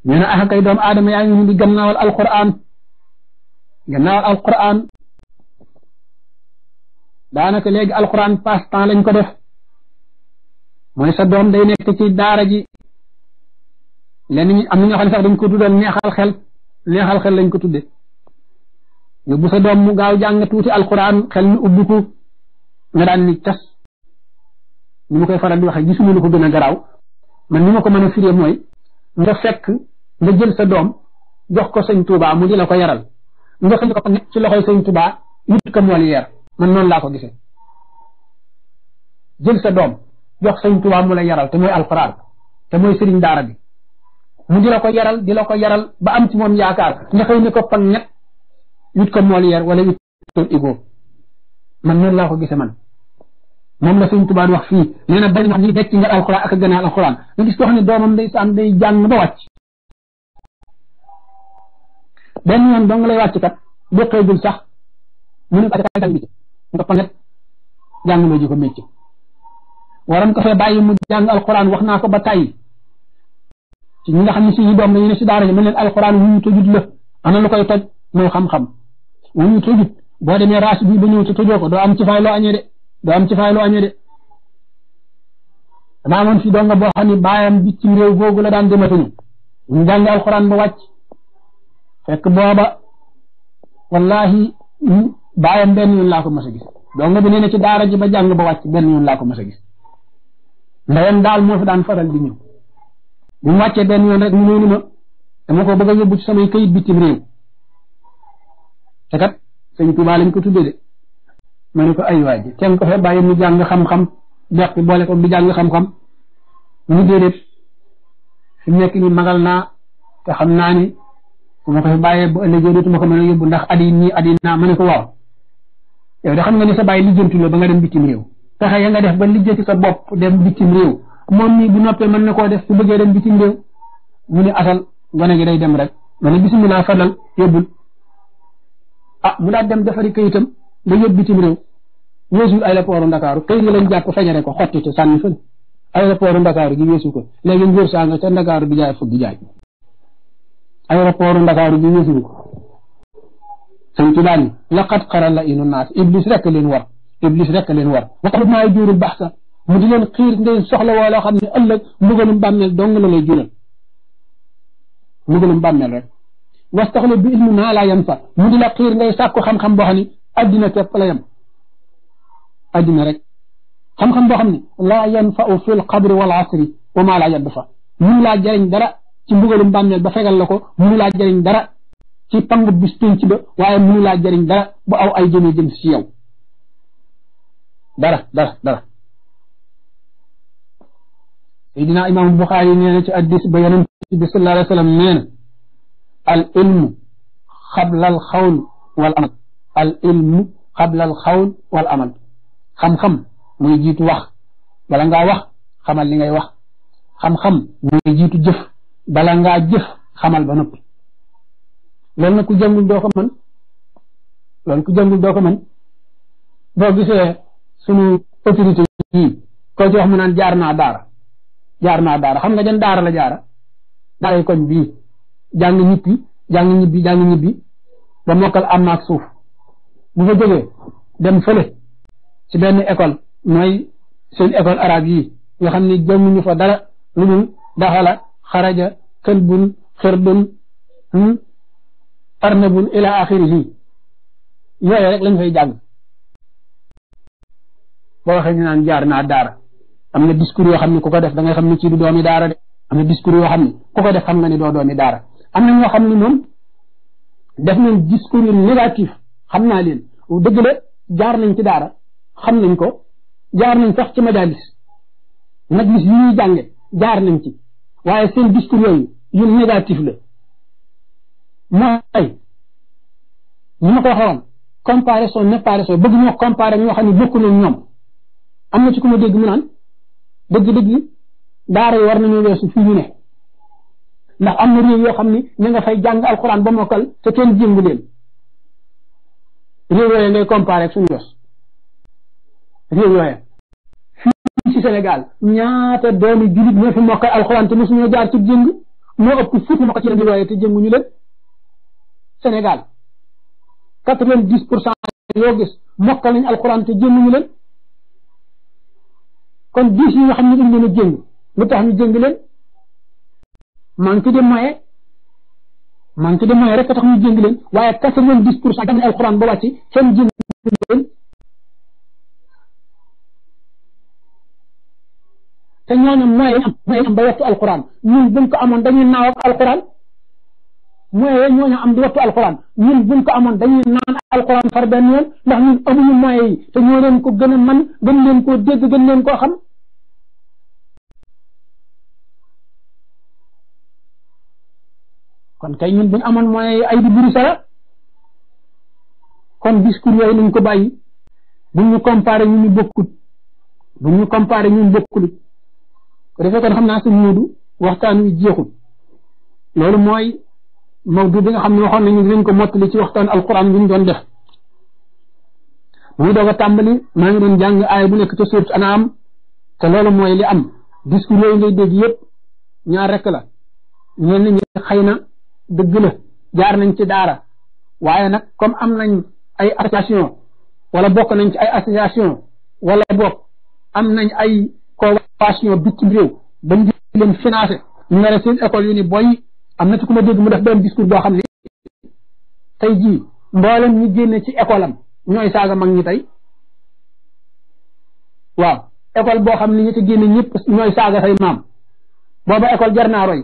nee na ah kay doomu aadama yaa ngi ñu di gannaawal alquran gannaawal alquran daanaka léegi alquran passe temps lañ ko def mooy sa doom day nekk ci daara ji lenn ñi am na ñoo xam ne sax dañ ko tuddoon neexal xel neexal xel lañ ko tudde yóbbu sa doom mu gaaw jàng tuuti alquran xel mi ubbiku nga daan ni tas ni ma koy faral di waxee gisuma lu ko gën a garaaw man ni ma ko mën a firee mooy nga fekk nga jël sa doom jox ko sëñ Touba mu di la ko yaral nga ko ci loxoy sëñ Touba yut ko Molière laa ko gisee doom jox sëñ Touba mu la yaral te mooy alquran te mooy sëriñ daara bi mu di la ko yaral di la ko yaral ba am ci moom yaakaar nga xëy ni ko pang ñett wit ko Molière wala wit ko Hugo man noonu laa ko gisee man moom la Sëriñ Tuubaa wax fii na bari na ne doomam ba wàcc lay wàcc kat boo xëyul sax nga pang ñett jàng loo ji ko métier ko fee bàyyi mu jàng alxuraan wax naa ko ba tàyyi ci ñi nga xam ne si ñu doom dañu ne si daara ji mel leen alxuraan wu ñu tojut la ana lu koy toj mooy xam-xam wu ñu tojut boo demee raas bi ba ñëw te tojoo ko doo am ci fay loo añee de doo am ci fay loo añee de damaa amoon fi donga boo xam ne baayam bi ci réew googu la daan dematuñu bu ñu jàngee alxuraan ba bi nee daal moo fi daan faral di ñëw bu mu wàccee benn yoon rek mu noonu ma dama ko bëgg a yóbbu ci samay kayit bitim réew te kat sëñ Tuubaa lañ ko tuddee de ma ne ko ay waay ji kenn ko fee bàyyi mu jàng xam-xam dex bi boole ko bi jàng xam-xam mu déedéet fi nekk nii magal naa te xam naa ni bu ma ko fi bàyyee bu ëllëgee a yóbbu ndax at yii nii loo ba nga dem bitim réew pexe ya nga def ba lijjanti sa bopp dem bitim réew moom mii bu noppee mën na koo def su bëggee dem bitim réew mu ni atal gone gi day dem rek ma ne bisimilah fadal yóbbul ah mu daal dem defari kayitam da yóbbu bitim réew weesu aéroport Ndakaaru kayit nga ko xotti te sànni fële aéroport weesu ko léegi ngóor saa nga ca Ndakaaru di jaay fukki jaay Ndakaaru gi weesu ko sëñ ci daal ni laqad la inu naas iblis rek leen war iblis rek leen war waxut maay juurul baax sax mu di leen xiir ngay soxla woo loo xam ne ëllëg mbugalum bàmmeel dong la lay jural mbugalum bàmmeel rek wastaxle bi ilmi maa laa yem fa mu di la xiir ngay sàkku xam-xam xam ne addina képp la yem addina rek xam-xam boo xam yan fa u fil xabri wal wa maa laa yedd fa munu laa jëriñ dara ci mbugalum bàmmeel la ko munu laa jëriñ dara ci ba waaye munu laa jëriñ dara bu aw ay jëmee jëm si سيدنا امام البخاري نينا في حديث بيان النبي صلى الله عليه وسلم نين العلم قبل الخول والعمل العلم قبل الخول والعمل خم خم موي جيتو واخ بلا nga واخ خمال لي nga واخ خم خم موي جيتو جيف بلا nga جيف خمال با نوبي لول نكو جامل دوكو من لول كو جامل دوكو من بو غيسه سونو اوتوريتي كو جي واخ مو نان جارنا دار jaar naa daara xam nga jan daara la jaara daara yi koñ bii jàng ñibbi jàng ñibbi ba mokkal am naak suuf bu fa jógee dem fële ci benn école mooy seen école arabe yi nga xam ne jëmuñu fa dara lu dul daxala xaraja këlbun xirdun hmm, arnabun ila axirihi yooyu rek lañ fay jàng boo waxee naan jaar na daara am na discours yoo xam ne ku ko def da ngay xam ne ci du doomi daara de am na discours yoo xam ne ku ko def xam nga ni doo doomi daara am na ñoo xam ne moom def nañ discours yu négatif xam naa leen dëgg jaar nañ ci daara xam nañ ko jaar nañ sax ci majalis majlis yu ñuy jànge jaar nañ ci waaye seen discours yooyu yu négatif la ñu ma ko waxoon comparaison n'est bëgg ñoo comparer ñoo xam ne bokku nañ ñoom am na ci ku dégg mu naan dëgg-dëgg daara yi war nañu weesu fii ne ndax am na réew yoo xam ni ñu nga fay jàng alxuraan ba mokkal te kenn jéngu leen réew yooyu ngay comparé ak suñu yooyu fii Sénégal ñaata doomi jullit ñoo fi mokkal alxuraan te mosuñoo jaar ci jëng moo ëpp fukk ma ko ci réew yooyu te jënguñu leen Sénégal quatre-vingt-dix pour cent yoo gis mokkal nañ alxuraan te jënguñu leen kon diis yi nga xam ne dañ leen a jëng lu tax ñu jëng leen manque de moyen manque de moyen rek tax ñu jëng leen waaye quatre-vingt-dix pour cent leen te ñooñu moyen am moyen ba wattu alxuraan ñun buñ ko amoon dañuy naaw ak alxuraan moyen ñooñu am di wattu alxuraan ñun buñ ko amoon dañuy naan alxuraan far benn yoon ndax ñun amuñu moyen yi te ñoo leen ko gën a man gën leen koo dégg gën leen koo xam kon kay ñun bu ñu amoon moyens yi ay kon discours ko bàyyi bu ñu comparé ñu ñu bokkut bu ñu comparé ñu bokkulut ko defee kon xam naa suñ muudu waxtaan wi jeexul loolu mooy mawdu bi nga xam ne waxoon nañu dinañ ko mottali ci waxtaan alquran bi ñu doon def bu ñu doog a tàmbali maa ngi doon jàng aaya bu nekk ca surat anaam te loolu mooy li am discours yooyu ngay dégg yëpp ñaar rekk la ñenn ñi xëy dëgg la jaar nañ ci daara waaye nag comme am nañ ay association wala bokk nañ ci ay association wala bokk am nañ ay coopération bitim réew bañ di leen financé ñu ne seen école yu ni boy am na ci ku ma dégg mu def benn discours boo xam ne tey jii mboolem ñu génne ci école am ñooy saaga mag ñi tey waaw école boo xam ni ñi ci génne ñëpp ñooy saaga say maam booba école jar naa roy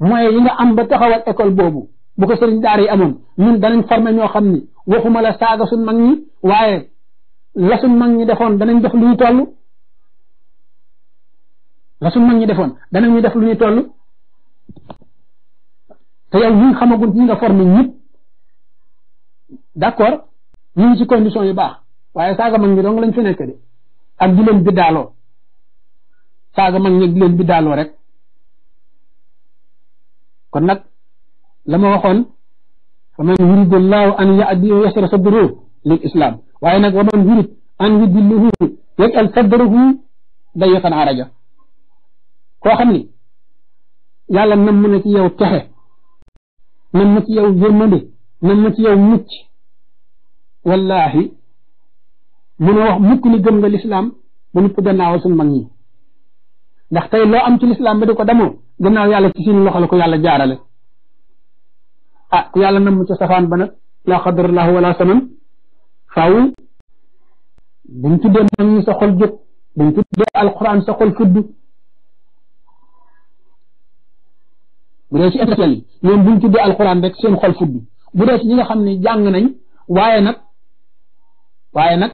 moyens yi nga am ba taxawal école boobu bu ko sëriñ daara yi amoon ñun danañ former ñoo xam ni waxuma la saaga suñ mag ñi waaye la suñ mag ñi defoon danañ def lu ñu toll la suñ mag ñi defoon danañ ñu def lu ñu toll te yow ñi xamaguñ ñi nga former ñëpp d'accord ñu ngi ci condition yu baax waaye saaga mag ñi dong lañ fi nekk de ak di leen biddaaloo saaga mag ñi ak di leen biddaaloo rek kon nag la ma waxoon fa man yuridullahu an yahdihi yasra sadrahu lil islam waaye nag wa man yurid an yudillahu yaj'al sadrahu dayyiqan araja koo xam ni yàlla nam mu na ci yow texe nam ma ci yow yërmande nam ma ci yow mucc wallahi mun a wax mukk ni gëm nga lislaam ba nupp gannaawal suñ mag ñi ndax tey loo am ci lislaam ba di ko damoo gannaaw yàlla ci suñu loxo la ko yàlla jaarale ah ku yàlla nam mu ca safaan ba nag laa xadarallahu wala saman faaw buñ tuddee mag ñi sa xol jóg bu dee ci intellectuel yi rek seen xol fudd bu dee ci ñi xam ni jàng nañ waaye nag waaye nag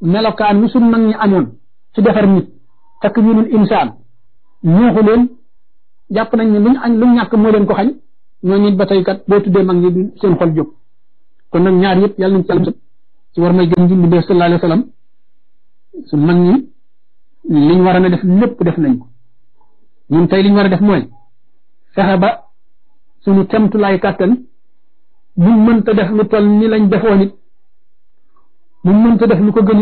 melokaan nu suñ mag ñi amoon ci defar nit takbirul insaan ñuuxu leen jàpp nañ ne luñ añ ñàkk moo leen ko xañ ñooñu ba tey kat boo tuddee mag ñi seen xol jóg kon nag ñaar yëpp yàlla nañ ci yàlla ci war may gën ji mbindee sallallahu wa sallam def lépp nañ ko tey liñ war a def mooy fexe ba suñu temtulaay kàttan buñ mënta def lu toll ni lañ defoo nit mënta def lu ko gën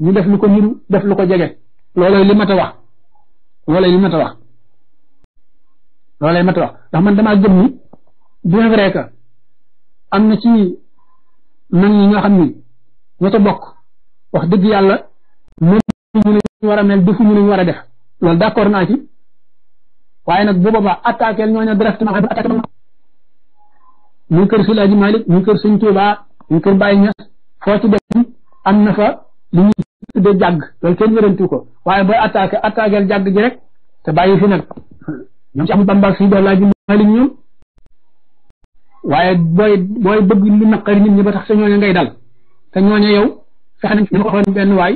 ñu def lu ko niru def lu ko jege loolay li mat a wax loolay li mat wax loolay mat a wax ndax man damaa gëm ni bien vrai am na ci man yi nga xam ni ña ca bokk wax dëgg yàlla mel ñu ne war a mel defu ñu war a def loolu d'accord naa ci waaye nag bu boobaa attaqué ñooñu directement xam attaqué ma ñu kër Sulaaji Malik ñu kër Sëñ Tuubaa ñu kër Baye Ñas foo ci dem am na fa li ñuy tuddee jàgg loolu kenn wérantu ko waaye ba attaqué attaqué jàgg ji rek te bàyyi fi nag ñoom si amul bambal si doon laaj malik ñoom waaye booy booy bëgg lu naqari nit ñi ba tax sa ñooña ngay dal te ñooña yow fexe nañ fi dama waxoon benn waay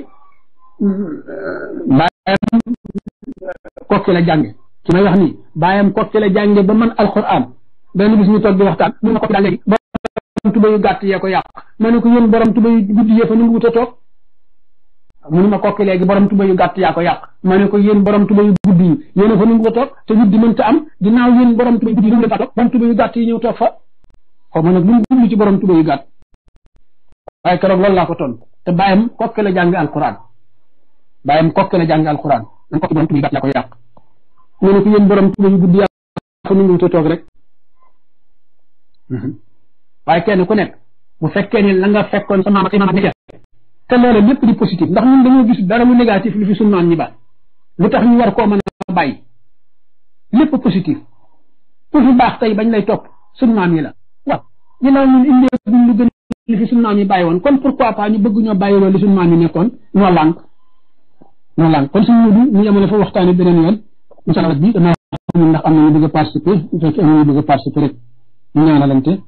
baayam la jànge ki may wax nii baayam kokki la jànge ba man alxuraan benn bis ñu toog waxtaan mun na kokki daal léegi borom tuba yu gàtt yee ko yàq ma ne ko yéen borom tuba yu gudd yee fa nu ngi wut a toog mënu ma kokki léegi borom tuba yu gàtt yaa ko yàq ma ne ko yéen borom tuba yu gudd yi a fa nungu ko toog te guddi mënta am ginnaaw yéen borom borom tuba yu gàtt yi ñëw toog laa ko ton te bàyyam kokki la jàng alquran bàyyam kokki la jàng alquran nan kokki borom tuba yu gàtt ko yàq ma ne ko yéen borom tuba yu gudd yaa fa nungu ko waaye kenn ku nekk bu fekkee ne fekkoon sama maam ak imaam te loolu lépp di positif ndax ñun dañoo gis dara lu négatif lu fi suñu naan ñi lu tax ñu war koo mën a bàyyi lépp positif pour fi baax tey bañ lay topp suñu naan yi la waaw ñu naan ñun indee lu gën li fi suñu yi bàyyi woon kon pourquoi pas ñu bëgg ñoo bàyyi loolu li suñu yi nekkoon noo lànk noo lànk kon suñu mudu ñu yemale fa waxtaane beneen yoon incha bi danaa a a participer rek ñu ñaanalante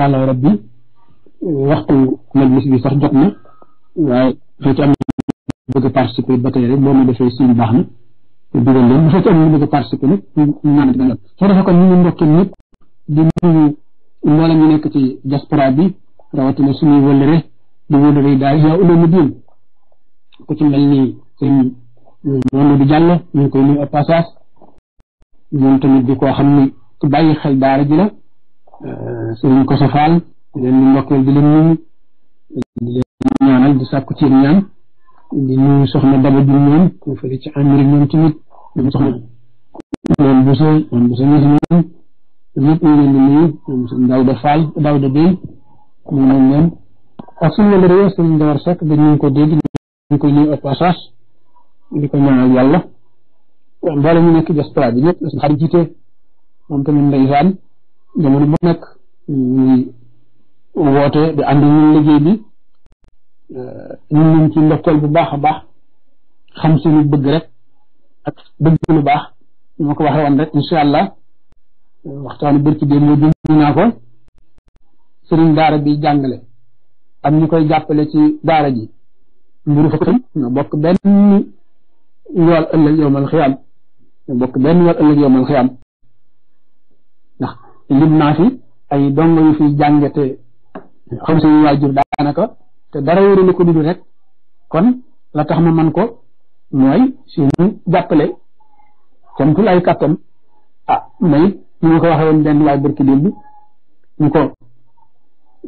allah rabbi waxtu majlis bi sax jot na waaye doo ci am bëgg a participer ba tey rek boo ma defee suñu baax na te defee kon ñu ngi ndokkee di nuyu mboolem koy nuyu au moom tamit di koo xam ni ku bàyyi xel daara ji la euh, sëñ Koso di leen di ndokkeel di leen nuyu di leen ñaanal di sàkku ci ñaan di nuyu soxna daba ju ñoom ku fële ci amérique ñoom tamit ñoom soxna ñoom bu sa ñoom bu sa ñis ñoom ñëpp ñu leen di nuyu ñoom sëñ Daouda Fall Daouda Bey ñu leen leen ak suñu leen réew sëñ Dawar Seck dañu ko dégg ñu koy nuyu au passage di ko ñaanal yàlla mboole ñu nekk diaspora bi ñëpp xarit jiite moom tamit ndeysaan jamono bu nekk ñuy woote di ànd ñun liggéey bi euh, ñu ngi ci ndokkeel bu baax a baax xam si lu bëgg rek bëgg lu baax ñu ma ko waxee woon rek incha allah waxtaanu bërki dee moo jëm naa ko sëriñ daara bi jàngale am ñu koy jàppale ci daara ji mburu fa këram ñu bokk benn yool ëllëg yowmal xiyaam ñu bokk benn yool ëllëg yowmal xiyaam ndax lim naa fi ay dongo yu fiy jàngate xam suñu waajur daanaka te dara wéralu ko dudul rek kon la tax ma man ko mooy suñu jàppale cam tul ay kàttan ah may ñu ma ko waxee woon benn waay barki démb ñu ko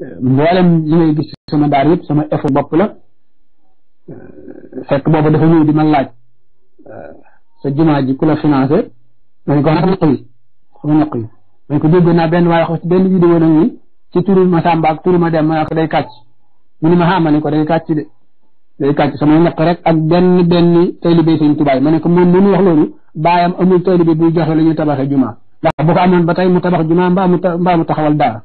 eh, mboolem li ngay gis sama daar yëpp sama effort bopp la eh, fekk boobu dafa ñëw di ma laaj eh, sa jumaa ji ku la financé dañ ko wax naq yi xam nga naq yi dañ ko dégg naa benn nag ci turu ma Samba ak turu ma dem ma ko day kàcc mu ne ma xaama ah, ne ko day kàcc de day kàcc sama ñaq rek ak benn benn taalibe Sëñ Tuubaa ma ne ko moom mënu wax loolu baayam amul taalibe buy joxe lu ñuy tabaxee jumaa ba tey mu tabax jumaa mbaa mu mbaa mu taxawal daara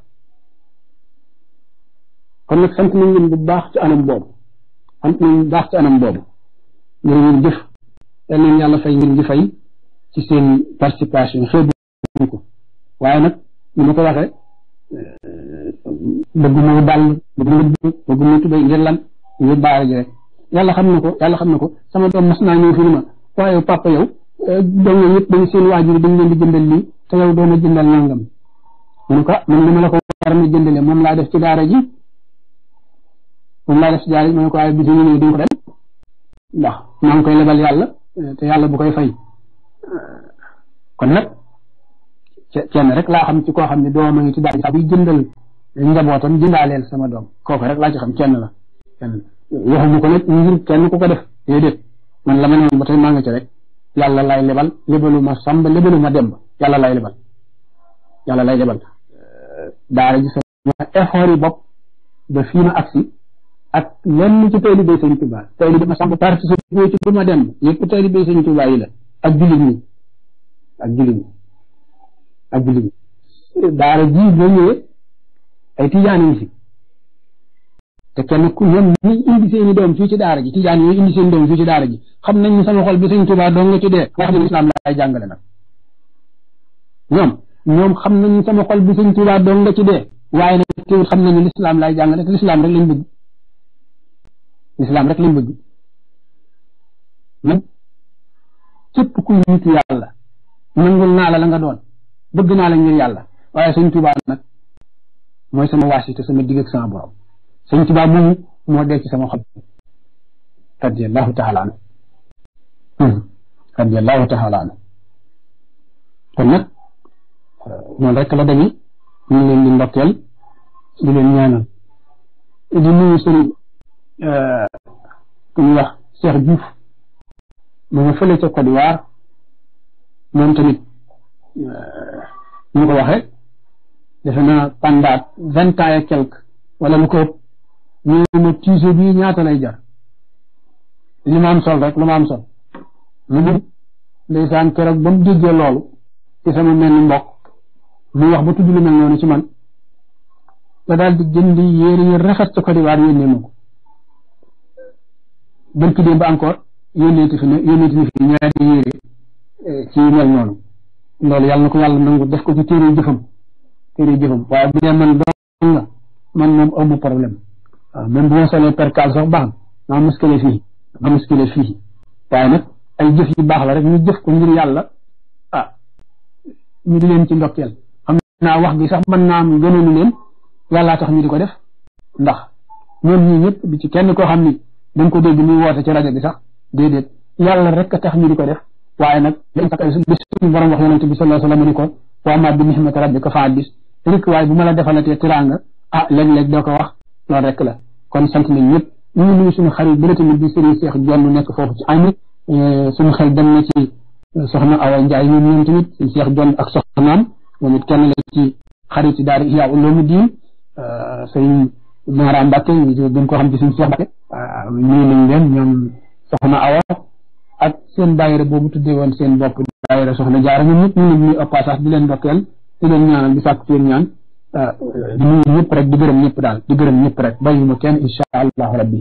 kon nag sant nañ leen bu baax ci anam boobu sant nañ bu baax ci ngir ngeen jëf yal nañ yàlla fay ngir ji fay ci seen participation xeebu ko waaye nag ni ma ko waxee bëgguma wu dàll bëgguma bëgg bëgguma tubay ngir lan ngir baara rek yàlla xam na ko yàlla xam na ko sama doom mas naa ñëw fi ni ma waaye papa yow eh, doom yooyu yëpp dañ seen waajur dañ di jëndal lii te yow doon a jëndal nangam ko man li ma la ko war a moom laa def ci daara ji moom laa def ci daara ji ma ne ko waaye bisi ñu ñëw duñ ko dem ndax maa ngi koy lebal yàlla eh, te yàlla bu koy fay kon nag kenn rek laa xam ci koo xam ne doom a ngi ci daara ji njabootam jëndaaleel sama doom kooku rek laa ci xam kenn la kenn waxuñu ko nag ngir kenn ku ko def déedéet man la ma ne ba maa ngi ci rek yàlla laay lebal lebalu ma samba lebalu ma demb yàlla laay lebal daara ji sama effort yi bopp ba fii ma agsi ak lenn ci taalibe Sëñ Tuubaa taalibe ma samba participer ci du ma demb yëpp taalibe Sëñ daara ji boo ñëwee ay tijaan ngi fi te kenn ku ñoom ñi indi seen doom fii ci daara ji tijaan yooyu indi seen i doom fii ci daara ji xam nañ ni sama xol bi sëñ Tuubaa doo nga ci dee nga xam xam nañ ni sama xol waaye nag teewul xam nañu lislaam laay jàngale te lislaam rek lañ bëgg lislaam rek lañ bëgg képp kuy yàlla nangul naa la la nga doon bëgg naa la ngir yàlla waaye sëñ Tuubaa nag mooy sama waasite sama digg ak sama borom sëñ tubaa moomu moo dee ci sama xol radiallahu taala anhu radiallahu taala anhu kon nag noonu rek la dañi ñu leen di ndokkeel di leen ñaanal di nuyu sëriñ ku ñuy wax Cheikh Diouf mu ngi fële ca Côte d'Ivoire moom tamit ñu ko waxee defe naa pendant vingt ans et quelque wala lu ko ëpp ñu bii ñaata lay jar li ma am sol rek lu ma am sol lu mu ndeysaan keroog ba mu déggee loolu ci sama mel ni lu mel daal di jëndi yéere yi rafet ci Côte d'Ivoire yónnee ma ko bërki démb encore yónneeti fi ne yónneeti fi ñaari yéere eh, ci mel noonu loolu yàlla ko yàlla nangu def ko ci téere jëfam téere jëfam waaye bu dee man doon la man moom amu problème waaw man bu ma solee per perkaal sax baax ma muskile fii ma muskile fii waaye nag ay jëf yu baax la rek ñu jëf ko ngir yàlla ah ñu di leen ci ndokkeel xam naa wax gi sax mën naa am gënoonu leen yàlla tax ñu di ko def ndax ñoom ñii ñëpp bi ci kenn koo xam ni dañ ko dégg muy woote ci rajo bi sax déedéet yàlla rek tax ñu di ko def waaye nag dañ tax ay bis suñu borom wax yonente bi sallallahu alayhi wa sallam ni ko wa ma bi nihmati rabbika fa addis rik waay bu ma la defalatee tiraanga ah léeg-léeg doo ko wax loolu rek la kon sant nañ ñëpp ñu ngi nuyu suñu xarit bële tamit di Serigne Cheikh nekk foofu ci ami eh, suñu xel dem na ci eh, soxna Awa Ndiaye ñoom ñoom ak soxnaam moom it kenn la ci xarit yi daara Ihya Ulumuddin eh, Serigne Mara Mbacke ñu gën koo ci suñu Cheikh Mbacke ah, nuyu nañ leen ñoom soxna Awa ak seen daayira boobu tuddee woon seen bopp daayira soxna jaara ñoom ñëpp ñu ngi nuyu leen ndokkeel di leen ñaanal di sàkk seen ñaan di nuyu ñëpp rek di gërëm ñëpp daal di gërëm ñëpp rek bàyyi ma kenn insha allahu rabbi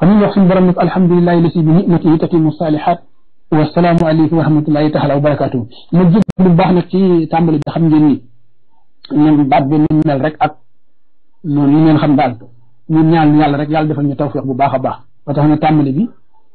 xam nga wax suñu borom nag alhamdulilahi lasi bi ni'matihi tatimu salihat wa salaamu alaykum wa rahmatullahi taala wa barakatuhu ma jëg lu baax nag ci tàmbali bi xam ngeen ni ñoom baat bi ni mel rek ak noonu ñu ngeen xam daal ñun ñaan yàlla rek yàlla defal ñu tawfiq bu baax a baax ba tax na tàmbali bi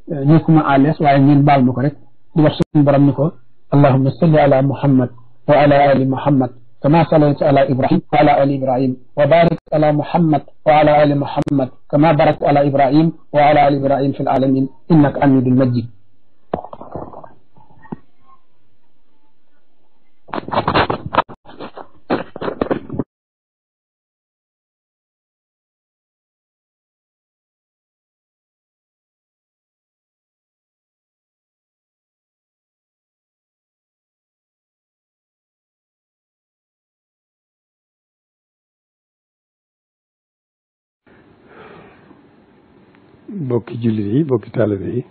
nekkuma à l'aise waaye ngeen baal ma ko rek di wax suñu borom ni ko allahumma salli ala muhammad وعلى آل محمد كما صليت على إبراهيم وعلى آل إبراهيم وبارك على محمد وعلى آل محمد كما باركت على إبراهيم وعلى آل إبراهيم في العالمين إنك حميد مجيد bokki jullit yi bokki taalibe yi